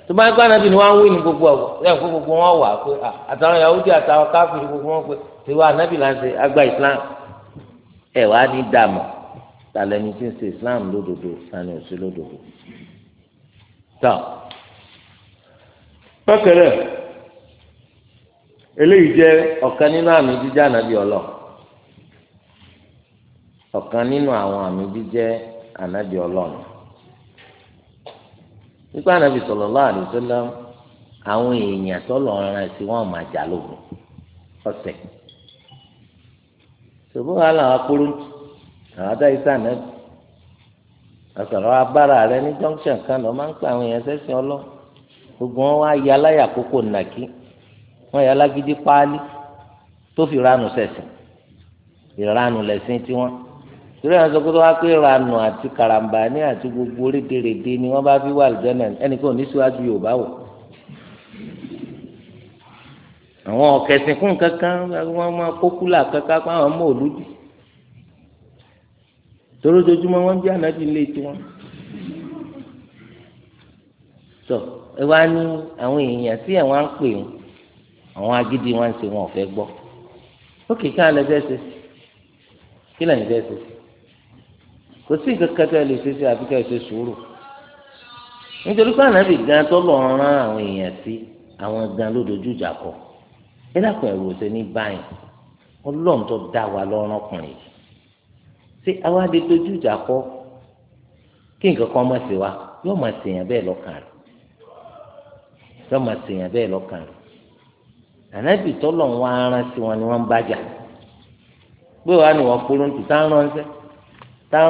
A: tó bá jẹ́ pé anabi ní wọ́n wìn gbogbo ẹ̀ fún gbogbo wọn wà pé àtàwọn yahudi àtàwọn káfíìn gbogbo wọn pé tiwa anabi là ń ṣe àgbà islam ẹ̀ wá ní dàmọ̀ tàlẹ́ni tí ń ṣe islam lódodo tani òsì lódodo. tà bákẹ́rẹ́ eléyìí jẹ́ ọ̀kan nínú àmì jíjẹ́ ànábì ọlọ́ ọ̀kan nínú àwọn àmì jíjẹ́ ànábì ọlọ́ọ̀nù nípa ànábì sallallahu alaihi àwọn èèyàn sí wọn máa jà wàhálà àwọn àtàwọn abára rẹ ní junction kan lọ máa ń pa àwọn èèyàn sẹ́sìn ọlọ́ gbogbo wọn wá ya láyà kókó nàkí wọn ya lágídí páálí tó fi ranù sẹ̀sìn ìranù lẹ̀sìn tiwọn torí àwọn sọkútọ wá pé ranù àti karambani àti gbogbo rédèrèdè ni wọn bá fi wà lùdẹ́nà ẹnì kan ò ní síwájú Yorùbá wọ̀ àwọn ọ̀kẹ́sìnkún kankan wọn máa kókúlà kankan pa àwọn ọmọ òlùdí torí ojoojúmọ́ wọ́n bí ànábì lé tiwọn. tọ́ ẹ wá ní àwọn èèyàn tí àwọn á ń pè wọn àwọn agídí wọn ń ṣe wọn ò fẹ́ gbọ́ ó kì í ká lẹ fẹ́ẹ́ ṣe kí lẹ́yìn fẹ́ẹ́ ṣe kò sí nǹkan kẹtẹ lè ṣe ṣe àbíkẹ́ ṣe sùúrù nítorí pé ànábì gan tó lọ rán àwọn èèyàn sí àwọn gan ló kọ ẹ dákun ẹrù ọ̀sẹ̀ ní báyìí ọlọ́run tó dá wa lọ́rùn ọkùnrin yìí ṣé awa lè dojú ìjà kọ kí nǹkan kan má ṣe wa yóò máa ṣèyàn bẹ́ẹ̀ lọ́kàn rẹ̀ yóò máa bẹ́ẹ̀ lọ́kàn rẹ̀ ànábì tọ́lọ̀ ń wá aran sí wọn ni wọ́n ń bájà gbé wa ni wọ́n polontu tá ń ránṣẹ́ tá ń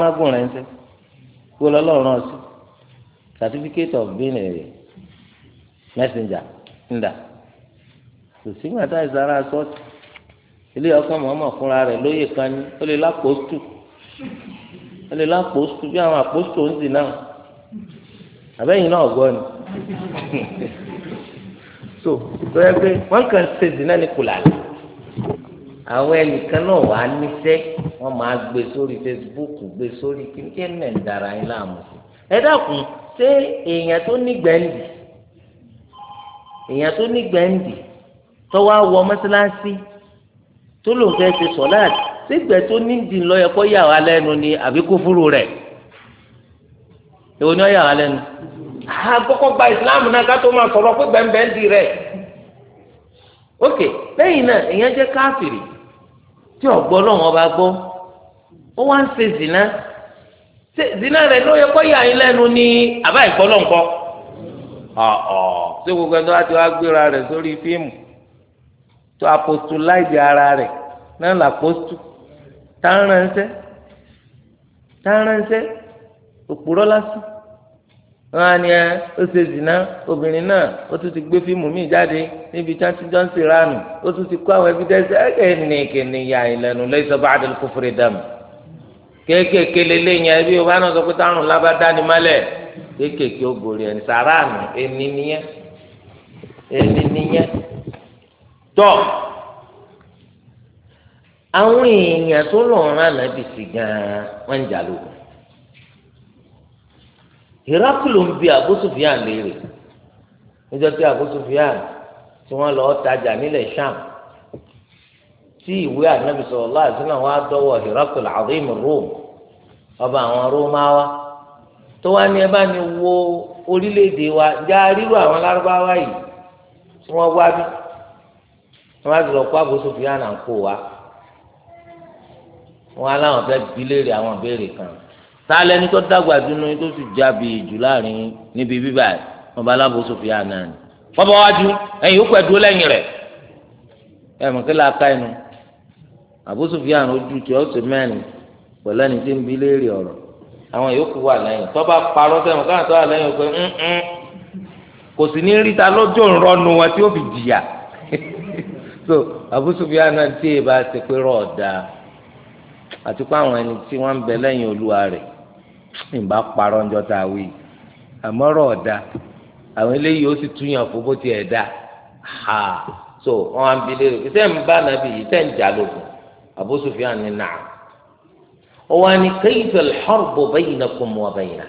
A: lọ́lọ́run certificate of being a messenger ńdà kò sígbà tá ìsara sọ́ọ̀tì ilé ọkàn ẹ lè lápòóstù bí àwọn àpòóstù ń sìn náà àbẹ́yìn náà gbọ́ ni so tó yẹ pé wọ́n kàn ṣe zina ní kùlàlà àwọn ẹnìkan náà wà á níṣẹ́ wọ́n máa gbé sórí Facebook gbé sórí kíkẹ́ náà ń dara yín láàmú ẹ dákun ṣé èèyàn tó ní gbẹ̀ǹdì èèyàn tó ní gbẹ̀ǹdì tọ́wọ́ wọ mọ́sálásí tó lòun fẹ́ ṣe sọ̀láàtì sígbẹ́ tó ní ìdìlọ yẹ kó yà ni àbí kó fúru rẹ̀ èwo ni ó yà wá lẹ́nu gba ìsìláàmù náà ká tó máa pé di rẹ̀ ok lẹ́yìn náà èèyàn jẹ́ káfìrì tí ọ̀gbọ́ náà wọ́n bá gbọ ó wá ń ṣe zina ṣe zina rẹ ló yẹ kó yà yín àbá ṣé gbogbo ẹni tó ti ara rẹ̀ náà là tá a ránṣẹ́ tá a ránṣẹ́ òpùrọ́ lásán wọn á ní ẹ ó ṣe zìnà obìnrin náà ó tún ti gbé fíìmù míì jáde níbi tí wọn ti ránù ó tún ti kó àwọn ẹbí dẹ́sẹ̀ ẹ̀ ní kìnìún ìyá ìlẹ́nu lẹ́yìn sọ́ba àdìrẹ́ kófòrè dàmù kéékèèké lélẹ́yìn ẹbí wọn bá náà sọ pé táwọn lábá dání mọ́lẹ̀ kéékèèké ó ẹni ẹni nìyẹn ẹni nìyẹn àwọn èèyàn tó lọ ànábì sí gan wọn ń jà ìrákùlù ń bi àbúsùfìàn léèrè níjọ tí àbúsùfìàn tí lọ tajà sham tí ìwé ànábì sọ̀rọ̀ láàzín náà wàá dọ́wọ́ ìrákùlù azim rome ọba àwọn rómáwá tó wá ní ẹ bá ní wo orílẹ̀-èdè wa já ríru àwọn lárúbáwá yìí tí wọ́n wá bí wọ́n wọn aláwọn fẹẹ bi léèrè àwọn béèrè kan sálẹ ní tó dàgbà dunu tó sì jábì jù láàrin níbi bíbá ẹ wọn bá alábòsó fi hàn náà ni wọn bá wájú ẹ̀yìn ó pẹ̀dúró lẹ́yìn rẹ̀ ẹ mọ kí láàka inú àbòsó fi hàn ojú tí ó sì mẹ́rin pẹ̀lú ẹni tí ń bi léèrè àwọn yòókù wà lẹ́yìn tó bá parọ́ sẹwọn káwọn tó wà lẹ́yìn ó pé ń kò sì ní ríta lọ́jọ́ ńrọ́nu wọn tí ó fi jìyà so àbúsùfìà náà tí èèbà ti àti pé àwọn ẹni tí wọ́n ń bẹ lẹ́yìn olúwa rẹ̀ ìbá parọ́ ńjọ́ tá a wí àmọ́rọ̀ ọ̀dà àwọn eléyìí ó sì túyàn fún bó tiẹ̀ dá ha so wọ́n á ń bi léèrè sẹ́ ń bá nàbí yìí sẹ́ ń jà lógun Abu Sufyan ní nà ó wá ní kayfa al-harbu baynakum wa bayna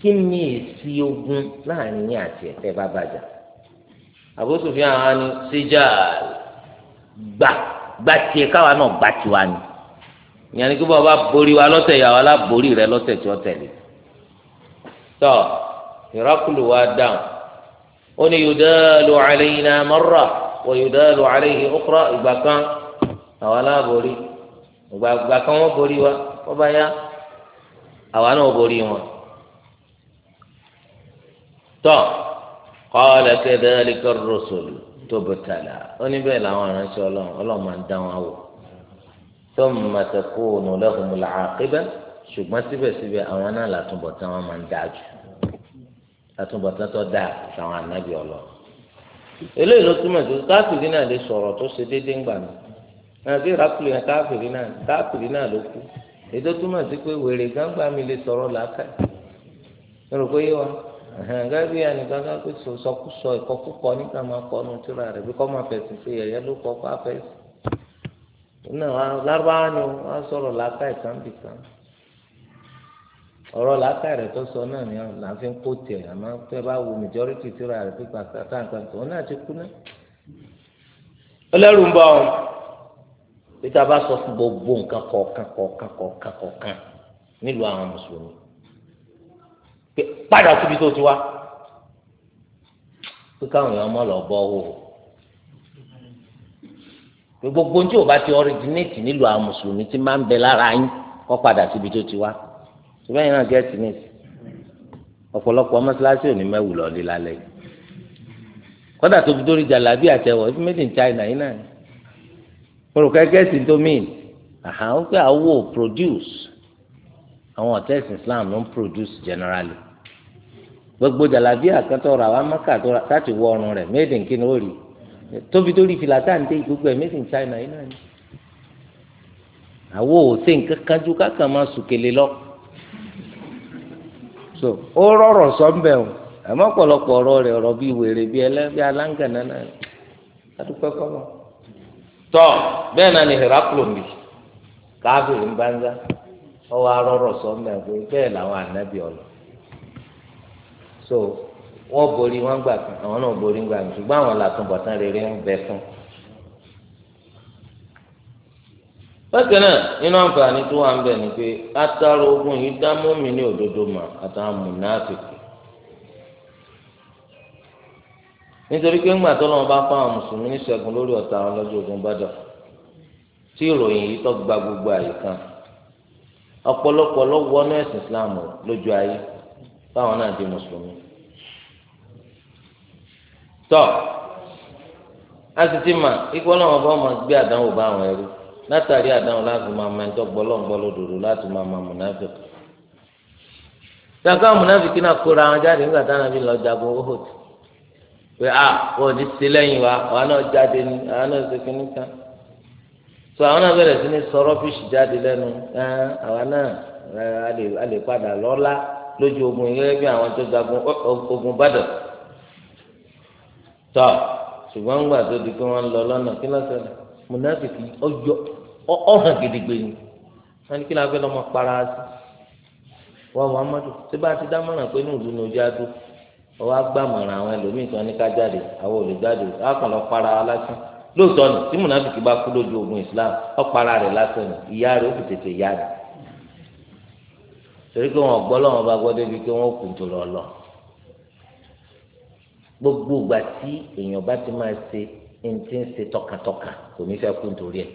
A: kí ni èsì ogun láàrin yín àti ẹ̀fẹ́ bá bàjá Abu Sufyan á gbà gbà káwa náà gbà ni ìyẹn ni kí bọ́ọ̀ bá borí wa lọ́tẹ̀ yà wá láborí rẹ lọ́tẹ̀ tí wọ́n tẹ̀lé tọ́ ìrákùlù wa dáhùn ó ní yudalu alayna marra wa yudalu alayhi ukhra ìgbà kan àwa láborí ìgbà kan wọ́n borí wa wọ́n bá yá àwa náà borí wọn tọ́ qala kadhalika ar-rusul tubtala ó ní bẹ́ẹ̀ làwọn aránṣẹ́ ọlọ́run ọlọ́run máa ń dá wọn wò. ثم تكون لهم العاقبة ṣùgbọ́n síbẹ̀síbẹ̀ àwọn náà látúbọ̀tán wọn máa ń dáa jù látúbọ̀tán tó dáa àtàwọn ànábì ọlọ. eléyìí ló túmọ̀ sí káfíìrì náà lè sọ̀rọ̀ tó ṣe déédéé ńgbà mi náà bí ìrákùlù yẹn káfíìrì náà káfíìrì náà ló kú ètò túmọ̀ sí pé wèrè gángbà mi lè sọ̀rọ̀ làákà rò pé yé wa gábí ànìkan ká pé náà lárúbáwá ni wọ́n sọ̀rọ̀ làákà ìkànnì kan ọ̀rọ̀ làákà rẹ̀ tó sọ náà ni là ń fi kó tiẹ̀ àmọ́ tẹ́ bá wo majority tí ra rẹ̀ pípa kankan tó náà ti kú náà.
B: ọlẹ́rù ń bọ̀ ọ́
A: peter bá sọ fún gbogbo nǹkan kọ̀ọ̀kan kọ̀ọ̀kan kọ̀ọ̀kan kọ̀ọ̀kan nílùú àwọn mùsùlùmí pé padà síbi tó ti wá pé káwọn èèyàn mọ̀ lọ bọ́ wò ó pé gbogbo ní tí o bá ti ọrìjìnẹ́tì nílùú àwọn mùsùlùmí ti máa ń bẹ lára yín kọ́ padà síbi tó ti wá ṣùgbọ́n yìí náà gẹ́tì ní ìsìn ọ̀pọ̀lọpọ̀ mọ́ṣáláṣí òní mẹ́wù lọ́ọ́lé lálẹ́ yìí kọ́dà tó fi dórí jàlábí àtẹwọ̀ if made in China yìí náà mo rò kẹ́kẹ́ sí domain àhàn ó pé àwọ̀ produce àwọn ọ̀tẹ́sì Islam ló ń produce generally gbogbo jàlábí àkàtọ̀ rà wá mọ́kà tó rà láti wọ ọrùn rẹ̀ made in kí tóbi tó rí fìlà ń dé gbogbo ẹ̀ mẹ́sìn China yìí náà ni àwo ò sí nǹkan kan ju kákan máa kele lọ so ó rọrọ o àmọ́ pọ̀lọpọ̀ ọ̀rọ̀ rẹ̀ ọ̀rọ̀ bíi wèrè bíi ẹlẹ bíi aláǹgànà náà adúpẹ́ kọlọ tọ bẹ́ẹ̀ náà ni hẹrákùlù mi káfíìn gbáńgá ọwọ arọrọ sọmbẹ pé bẹ́ẹ̀ làwọn ànábì so wọ́n borí wọ́n gbà kan àwọn náà borí gbà kan ṣùgbọ́n àwọn làtúbọ̀tán rere ń bẹ fún. bákan náà nínú àǹfààní ń bẹ ni pé atáró ogun yìí dá ní òdodo mà àtàwọn mùnáfìkì. nítorí pé ńgbà tó lọ́wọ́ bá fáwọn mùsùlùmí lórí ọ̀tá àwọn tí ìròyìn yìí tó tọ́ a sì ikú ọlọ́run ọba ọmọ gbé àdánwò bá àwọn ẹrú látàrí àdánwò láti máa ma dòdò ma náà kóra àwọn jáde nígbà táwọn jagun pé a wọ́n ti ṣe lẹ́yìn wa àwọn náà jáde ní àwọn náà ṣe kan àwọn náà bẹ̀rẹ̀ sí ní sọ̀rọ̀ fíṣì a padà ogun bí àwọn tó ogun tọ́ ṣùgbọ́n ńgbà tó di pé wọ́n ń lọ lọ́nà kí lọ́sẹ̀ mùnàfíkì ọjọ́ ọ̀hàn gidigbe ni wọ́n ní kí láfẹ́ lọ́mọ para sí wọ́n wọ́n amadu tí bá ti dámọ̀ràn pé ní ìlú ni ojú adó wọ́n wá gbàmọ̀ràn àwọn ẹlòmíì kan ní ká jáde àwọn olùjáde á kàn lọ para lásán lóòótọ́ ni tí mùnàfíkì bá kú lójú ogun Islam ó para rẹ̀ lásán ni ìyá rẹ̀ ó fi tètè yá rẹ̀ torí pé wọn gbọ́ lọ́wọ́ bá gbọ́ gbogbo ìgbà tí èèyàn bá ti máa ṣe ẹni tí ń ṣe tọkàntọkàn kò ní fẹ́ kú nítorí ẹ̀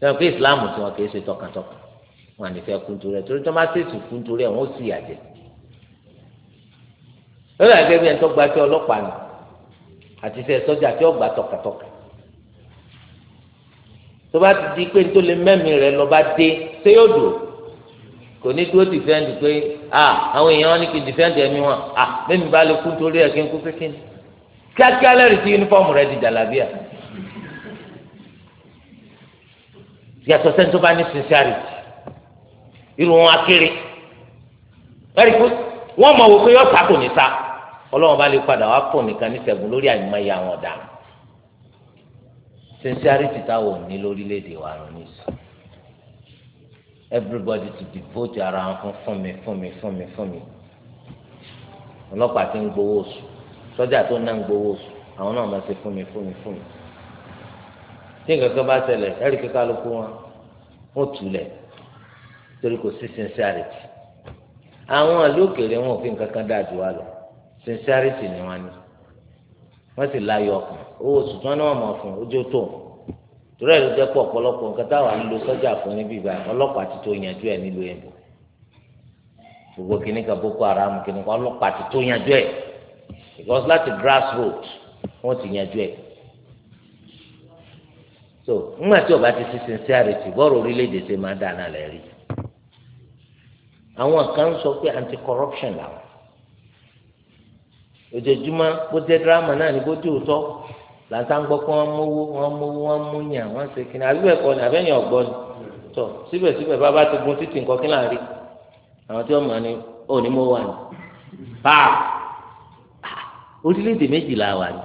A: sọ pé ìsìláàmù tí wọn kì í ṣe tọkàntọkàn wọn àní fẹ́ kú nítorí ẹ̀ torí tí wọn bá ṣèṣì kú nítorí ẹ̀ wọn ó sì yàjẹ́ lọ́dọ̀ àgbẹ̀ bí ẹni tó gba tí ọlọ́pàá nù àti sẹ́ sọ́jà tí ó gba tọkàntọkàn tó bá ti di pé nítorí mẹ́mìí rẹ̀ lọ́ba dé ṣé yóò dùn kò ní dúró dìfẹ́ǹdì pé àwọn èèyàn ní kí dìfẹ́ǹdì ẹ̀mí wọn mẹ́mi bá lè kú torí ẹ̀ kí n kú pékin kíákíá lẹ́rìí sí yunifọ́ọ̀mù rẹ di jàlábíà yàtọ̀ sẹ́ni tó bá ní sincerity irú wọn akéré ẹ̀rí pé wọ́n mọ̀ wò pé yọ sá kò ní sá ọlọ́wọ́n bá lè padà wá pọ̀ nìkan níṣẹ́gun lórí àyùmáyé àwọn ọ̀daràn sincerity táwọn ò ní lórílẹ̀‐èdè wa rún ní everybody to devote ara wọn fún fún mi fún mi fún mi fún mi ọlọ́pàá ti ń gbowó oṣù sọ́jà tó náà ń gbowó oṣù àwọn náà máa ṣe fún mi fún mi fún mi tí nǹkan kan bá ṣẹlẹ̀ ẹ̀rí kíkà ló kó wọn ó túlẹ̀ torí kò sí sincerity àwọn àlókèrè wọn ò fi nǹkan kan dáa jù wá lọ sincerity ni wọn ni wọn sì láyọ̀ ọkàn owó oṣù tí wọn náà mọ̀ fún ojú tó wọn. torí ẹ̀ ló jẹ́ pọ̀ ọ̀pọ̀lọpọ̀ nǹkan táwa ń lo sọ́jà fún níbí ìgbà ọlọ́pàá ti tó yanjú nílùú gbogbo kìíní kan boko haram kìíní kan ọlọ́pàá ti tó yanjú ẹ̀ because láti grass road wọ́n ti yanjú so ńgbà tí ọba ti ṣe sincerity bọ́ọ̀rù orílẹ̀-èdè ṣe máa dáná lẹ́ rí àwọn kan anti corruption làwọn ojoojúmọ́ bó jẹ́ drama náà làtà ń gbọ́ pé wọ́n mówó wọ́n mówó wọ́n mú yàn wọ́n ṣe kíni àbí bẹ́ẹ̀ kọ́ ni àbẹ́yìn ọ̀gbọ́ ni tọ̀ síbẹ̀síbẹ̀ bá bá ti gun títì nǹkan kí láàrin àwọn tí wọ́n mọ̀ ni ó ní mo wà ní. bá a orílẹ̀-èdè méjì la wà ní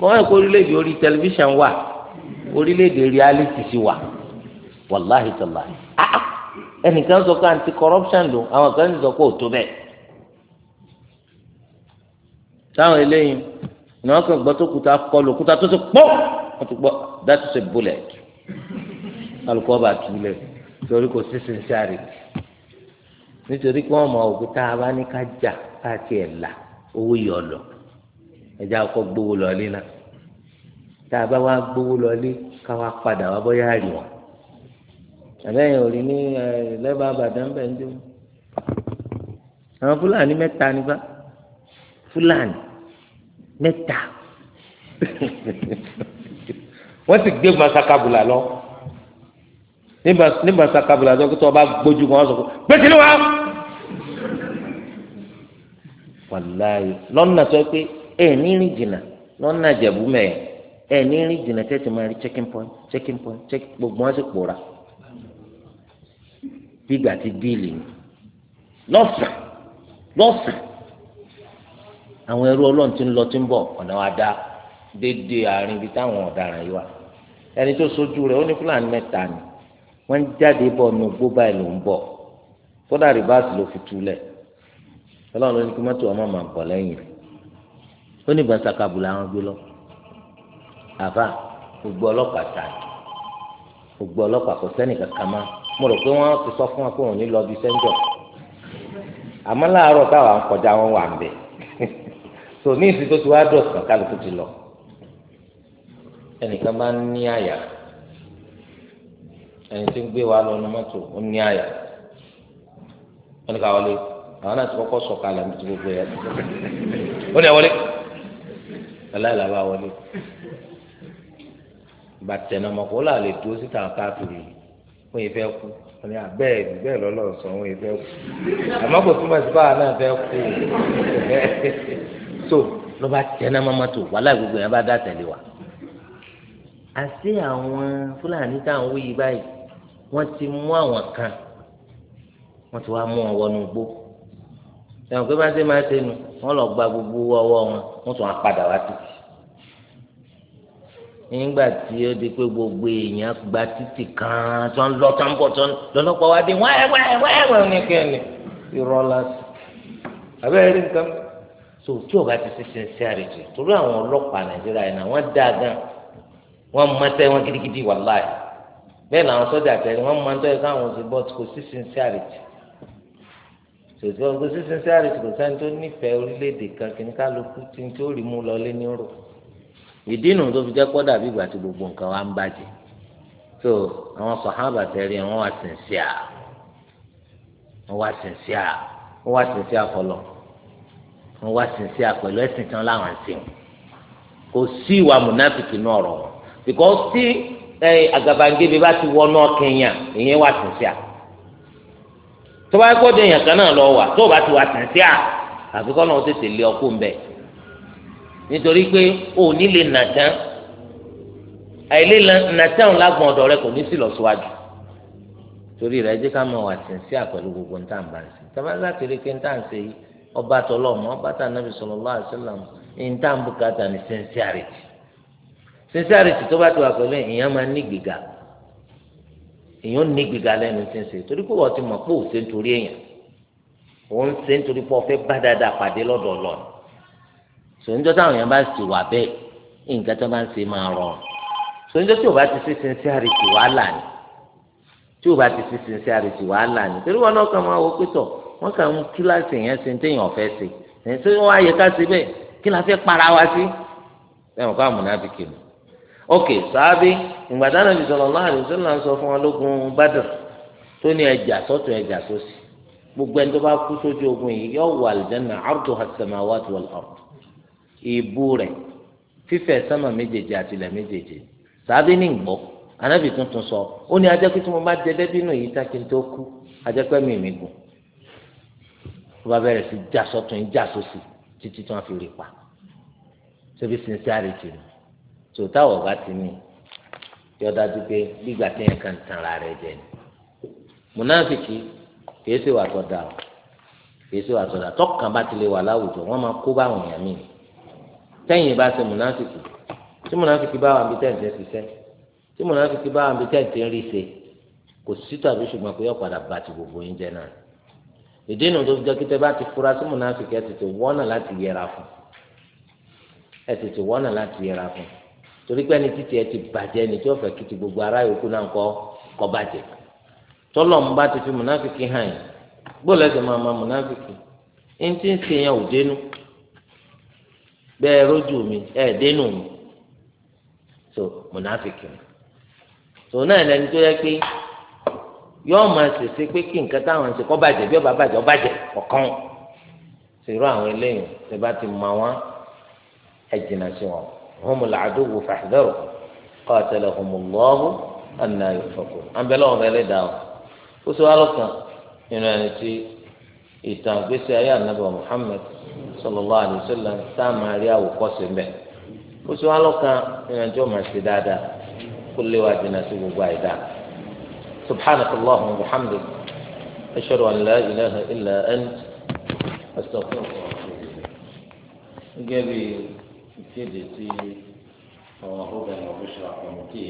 A: kọ́ ẹ̀ kó orílẹ̀-èdè orí tẹlifíṣàn wà orílẹ̀-èdè reality sì wà wàláhì tọ́lá ẹnìkan sọ pé anti corruption lò àwọn kan sọ pé òtó bẹ́ẹ̀ táwọn eléyìí ní wọn kàn gbọ́ tó kuta kọlù kuta tó ti pọ́ wọn ti gbọ́ that is a bullet alùpùpù ọba àtúlẹ̀ torí kò sí sincere nítorí pé wọn mọ òkú tá a bá ní ká jà ká tiẹ̀ là owó yọ ọ lọ ẹjẹ akọ gbowó lọlé náà tá a bá wá gbowó lọlé ká wá padà wá bọ́ yára rí wọn àbẹ́yẹn ò rí ní lẹ́bàá àbàdàn bẹ́ẹ̀ ń dé wọn àwọn fúlàní mẹ́ta nípa fúlàní mẹ́ta wọ́n sì gbé masakabula lọ ní masakabula lọ kótó ọba gbójú kan sọ pé gbèsè ni wa wàláyé lọ́nà tó pé ẹ̀ ní rìn jìnnà lọ́nà jẹ̀bú mẹ́ẹ̀ ẹ̀ ní rìn jìnnà tẹ́tì máa rí checking point checking point check gbogbo wọn sì pòórà bígbà tí bíìlì lọ́sàn lọ́sàn àwọn ẹrú ọlọ́run ti ń lọ tí ń bọ̀ ọ̀nà wa dá dédé àárín ibi táwọn ọ̀daràn yìí wà ẹni tó sojú rẹ̀ ó ní fúlàní mẹ́ta ni wọ́n ń jáde bọ̀ ní ogbó báyìí ló ń bọ̀ kódà rìbáàsì ló fi túlẹ̀ ọlọ́run ló ní kí mọ́tò ọmọ màá pọ̀ lẹ́yìn rẹ̀ ó ní ìbásakabù làwọn gbé lọ àbá gbogbo ọlọ́pàá ta gbogbo ọlọ́pàá kò sẹ́nì kankan má mo rò pé wọ́n ti sọ fún wa pé òun ní lọ bí sẹ́ńjọ̀ àmọ́ láàárọ̀ táwa kọjá wọn wà ń bẹ̀ so ní ìsìn tó ti wá dọ̀sán kálukú ti lọ ẹnìkan bá ní àyà ẹni tí ń gbé wa lọ ní mọ́tò ó ní àyà wọn ni ká wọlé àwọn náà ti kọ́kọ́ sọ̀kalẹ̀ ní ti gbogbo yẹn ó ní ẹ wọlé aláìlá bá wọlé bàtẹ̀nà ọmọkùnrin ó là lè dúró síta káàkiri fún ìfẹ́ kú wọn yà bẹ́ẹ̀ bẹ́ẹ̀ lọ́lọ́run sọ wọn ìfẹ́ kú àmọ́ kò túmọ̀ sí báwa náà fẹ́ kú tó lọ́ba tẹ̀ná mọ́mọ́tò wàhálà gbogbo yẹn bá dá tẹ̀lé wa. àti àwọn fúlàní tá à ń wúyi báyìí wọ́n ti mú àwọn kan wọ́n ti wá mú wọn wọnú gbó. ẹ̀wọ̀n pé máa ṣe máa ṣe nu wọ́n lọ gba gbogbo ọwọ́ wọn wọ́n tún á padà wá títì. nígbà tí ó di pé gbogbo èèyàn gba títì kan tó ń lọ tó ń bọ̀ tó ń lọ́lọ́pàá wá dé wẹ́ẹ́wẹ́ẹ́wẹ́ẹ́wẹ́ ní kẹ́ni ìrọ̀lá sí. àbẹ́rẹ́ nǹkan mọ́ so tí o bá ti ṣe sincerity torí àwọn ọlọ́pàá nàìjíríà yìí náà wọ́n dáa gan wọ́n mọ́tẹ́ wọn gidigidi wàláì bẹ́ẹ̀ làwọn sọ́jà tẹ̀lé wọ́n mọ́tọ́ yẹ káwọn oṣù bọ́ kò sí sincerity tòtí ọgbẹ́ sí sincerity kò sẹ́ni tó nífẹ̀ẹ́ orílẹ̀-èdè kan kí ní kálukú tí tí ó rí mú lọlé ní rò ìdí nù tó fi jẹ́ pọ́ dàbí ìgbà tí gbogbo nǹkan wa ń bàjẹ́ so àwọn sọ̀hábà tẹ̀lé wọn wá sincere wọ́n wá sincere wọ́n wá sincere fọlọ́ wọn wá sínsìn àpẹlú ẹ̀sìn tí wọn láwọn ń sìn kò sí ìwà mùnáfìkì náà rọ because tí àgàbàǹgẹ̀bẹ̀ bá ti wọ náà kẹyàn ìyẹn wá sínsìn à tó bá kọ́ de èèyàn kan náà lọ wà tó o bá ti wà sínsìn à àfi kọ́ náà tètè lé ọkọ mbẹ nítorí pé o ò ní lè nà tán àìlè nà tán lágbọ̀n ọ̀dọ̀ rẹ kò ní sí lọ síwájú torí rẹ jẹ́ ká máa wà sínsìn à pẹ̀lú gbogbo ntàǹbà ń sè tábàlá ọba tọlọmọ ọba tá nàbì sallallahu alaihi wasallam ìntàn bùkátà ní sincerity sincerity tó bá ti wà pẹ̀lú ìyẹn máa ní gbìgà èèyàn ní gbígbà lẹ́nu tí ń ṣe torí pé wọ́n ti mọ̀ pé òṣè nítorí èèyàn òun ń ṣe nítorí pé ọ̀fẹ́ bá dáadáa pàdé lọ́dọ̀ Ọlọ́run sòńjọ́ táwọn èèyàn bá sì wà bẹ́ẹ̀ nǹkan tó bá ń ṣe máa rọrùn sòńjọ́ tí o bá ti ṣe sincerity wàhálà ni tí o bá ti ṣe sincerity wàhálà ni torí wọn náà kàn máa wọ pé tọ̀ wọ́n kà ń kíláàsì yẹn ṣe téèyàn ọ̀fẹ́ ṣe ẹ̀ ṣé wọ́n á yẹ ká ṣe bẹ́ẹ̀ kí la fẹ́ para wa sí ẹ̀wọ̀n ká múnáfíkì nù.
B: ok sàábí
A: ìgbàdàn nàbì sallallahu alaihi wasallam sọ fún wọn lógun Badr tó ní ẹjà sọ́tún ẹjà sósì gbogbo ẹni tó bá kú sójú ogun yìí yóò wọ àlùjáná arduha as-samawati wal ard ìbú rẹ̀ fífẹ̀ sánmà méjèèjì àtìlẹ̀ méjèèjì sàábí ní ìgbọ́ anábì tuntun sọ ó ní ajẹ́pẹ́ tí mo bá jẹ dẹ́bínú yìí tá kí n tó kú ajẹ́pẹ́ mi mi gùn wọ́n bá bẹ̀rẹ̀ sí já sọ́tún yín já sósì títí tí wọ́n fi rí pa ṣebí sincerity ni tó táwọn ọba ti ní yọ dájú pé gbígbà téèyàn kan tan ara rẹ̀ jẹ ni mùnáfìkì kìí ṣe wà tọ́ da o kìí ṣe wà tọ́ da tọ́kàn bá ti lè wà láwùjọ wọ́n máa kó báwọn èèyàn mí tẹ́yìn bá ṣe mùnáfìkì tí mùnáfìkì bá wà níbi tẹ́ǹtì ń ṣiṣẹ́ tí mùnáfìkì bá wà níbi tẹ́ǹtì ń rí ṣe kò sí tàbí ṣùgbọ́n pé yọ padà bá ti gbogbo yín náà ìdí inú tó fi jẹ́ kíta bá ti fura sí mùnàfíkì ẹ̀ tètè wọ́nà láti yẹra fún ẹ̀ tètè wọ́nà láti yẹra fún torí pé ẹni títí ẹ ti bàjẹ́ ẹni tí gbogbo ará yòókù náà kọ́ kọ́ bàjẹ́ tọ́lọ̀ bá ti fi mùnàfíkì hàn yìí gbọ́dọ̀ máa ma mùnàfíkì ẹni tí ń ṣe yẹn ò dénú bẹ́ẹ̀ rójú mi ẹ̀ dénú mi so mùnàfíkì so náà ẹni tó yọọ ma ṣèṣe pé kí nǹkan táwọn ṣe kọ́ bàjẹ́ bí ọba bàjẹ́ ọbàjẹ́ ọ̀kan ti mọ wọn ẹ jìnnà sí wọn humul aduwwu fahdharu qatalahumullahu anna yufakun àbẹ̀lẹ̀ ọ̀rọ̀ ẹlẹ́dàá ó sọ alọ́kàn nínú ẹni tí ìtàn àgbésí ayé alaihi tá a máa rí ó sọ nínú ẹni tí ó gbogbo àìdáa. سبحانك اللهم وبحمدك أشهد أن لا إله إلا أنت أستغفرك قبل سيدتي
B: وهو بن بشرى قمتي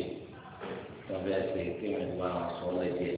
B: وبيتي كلمة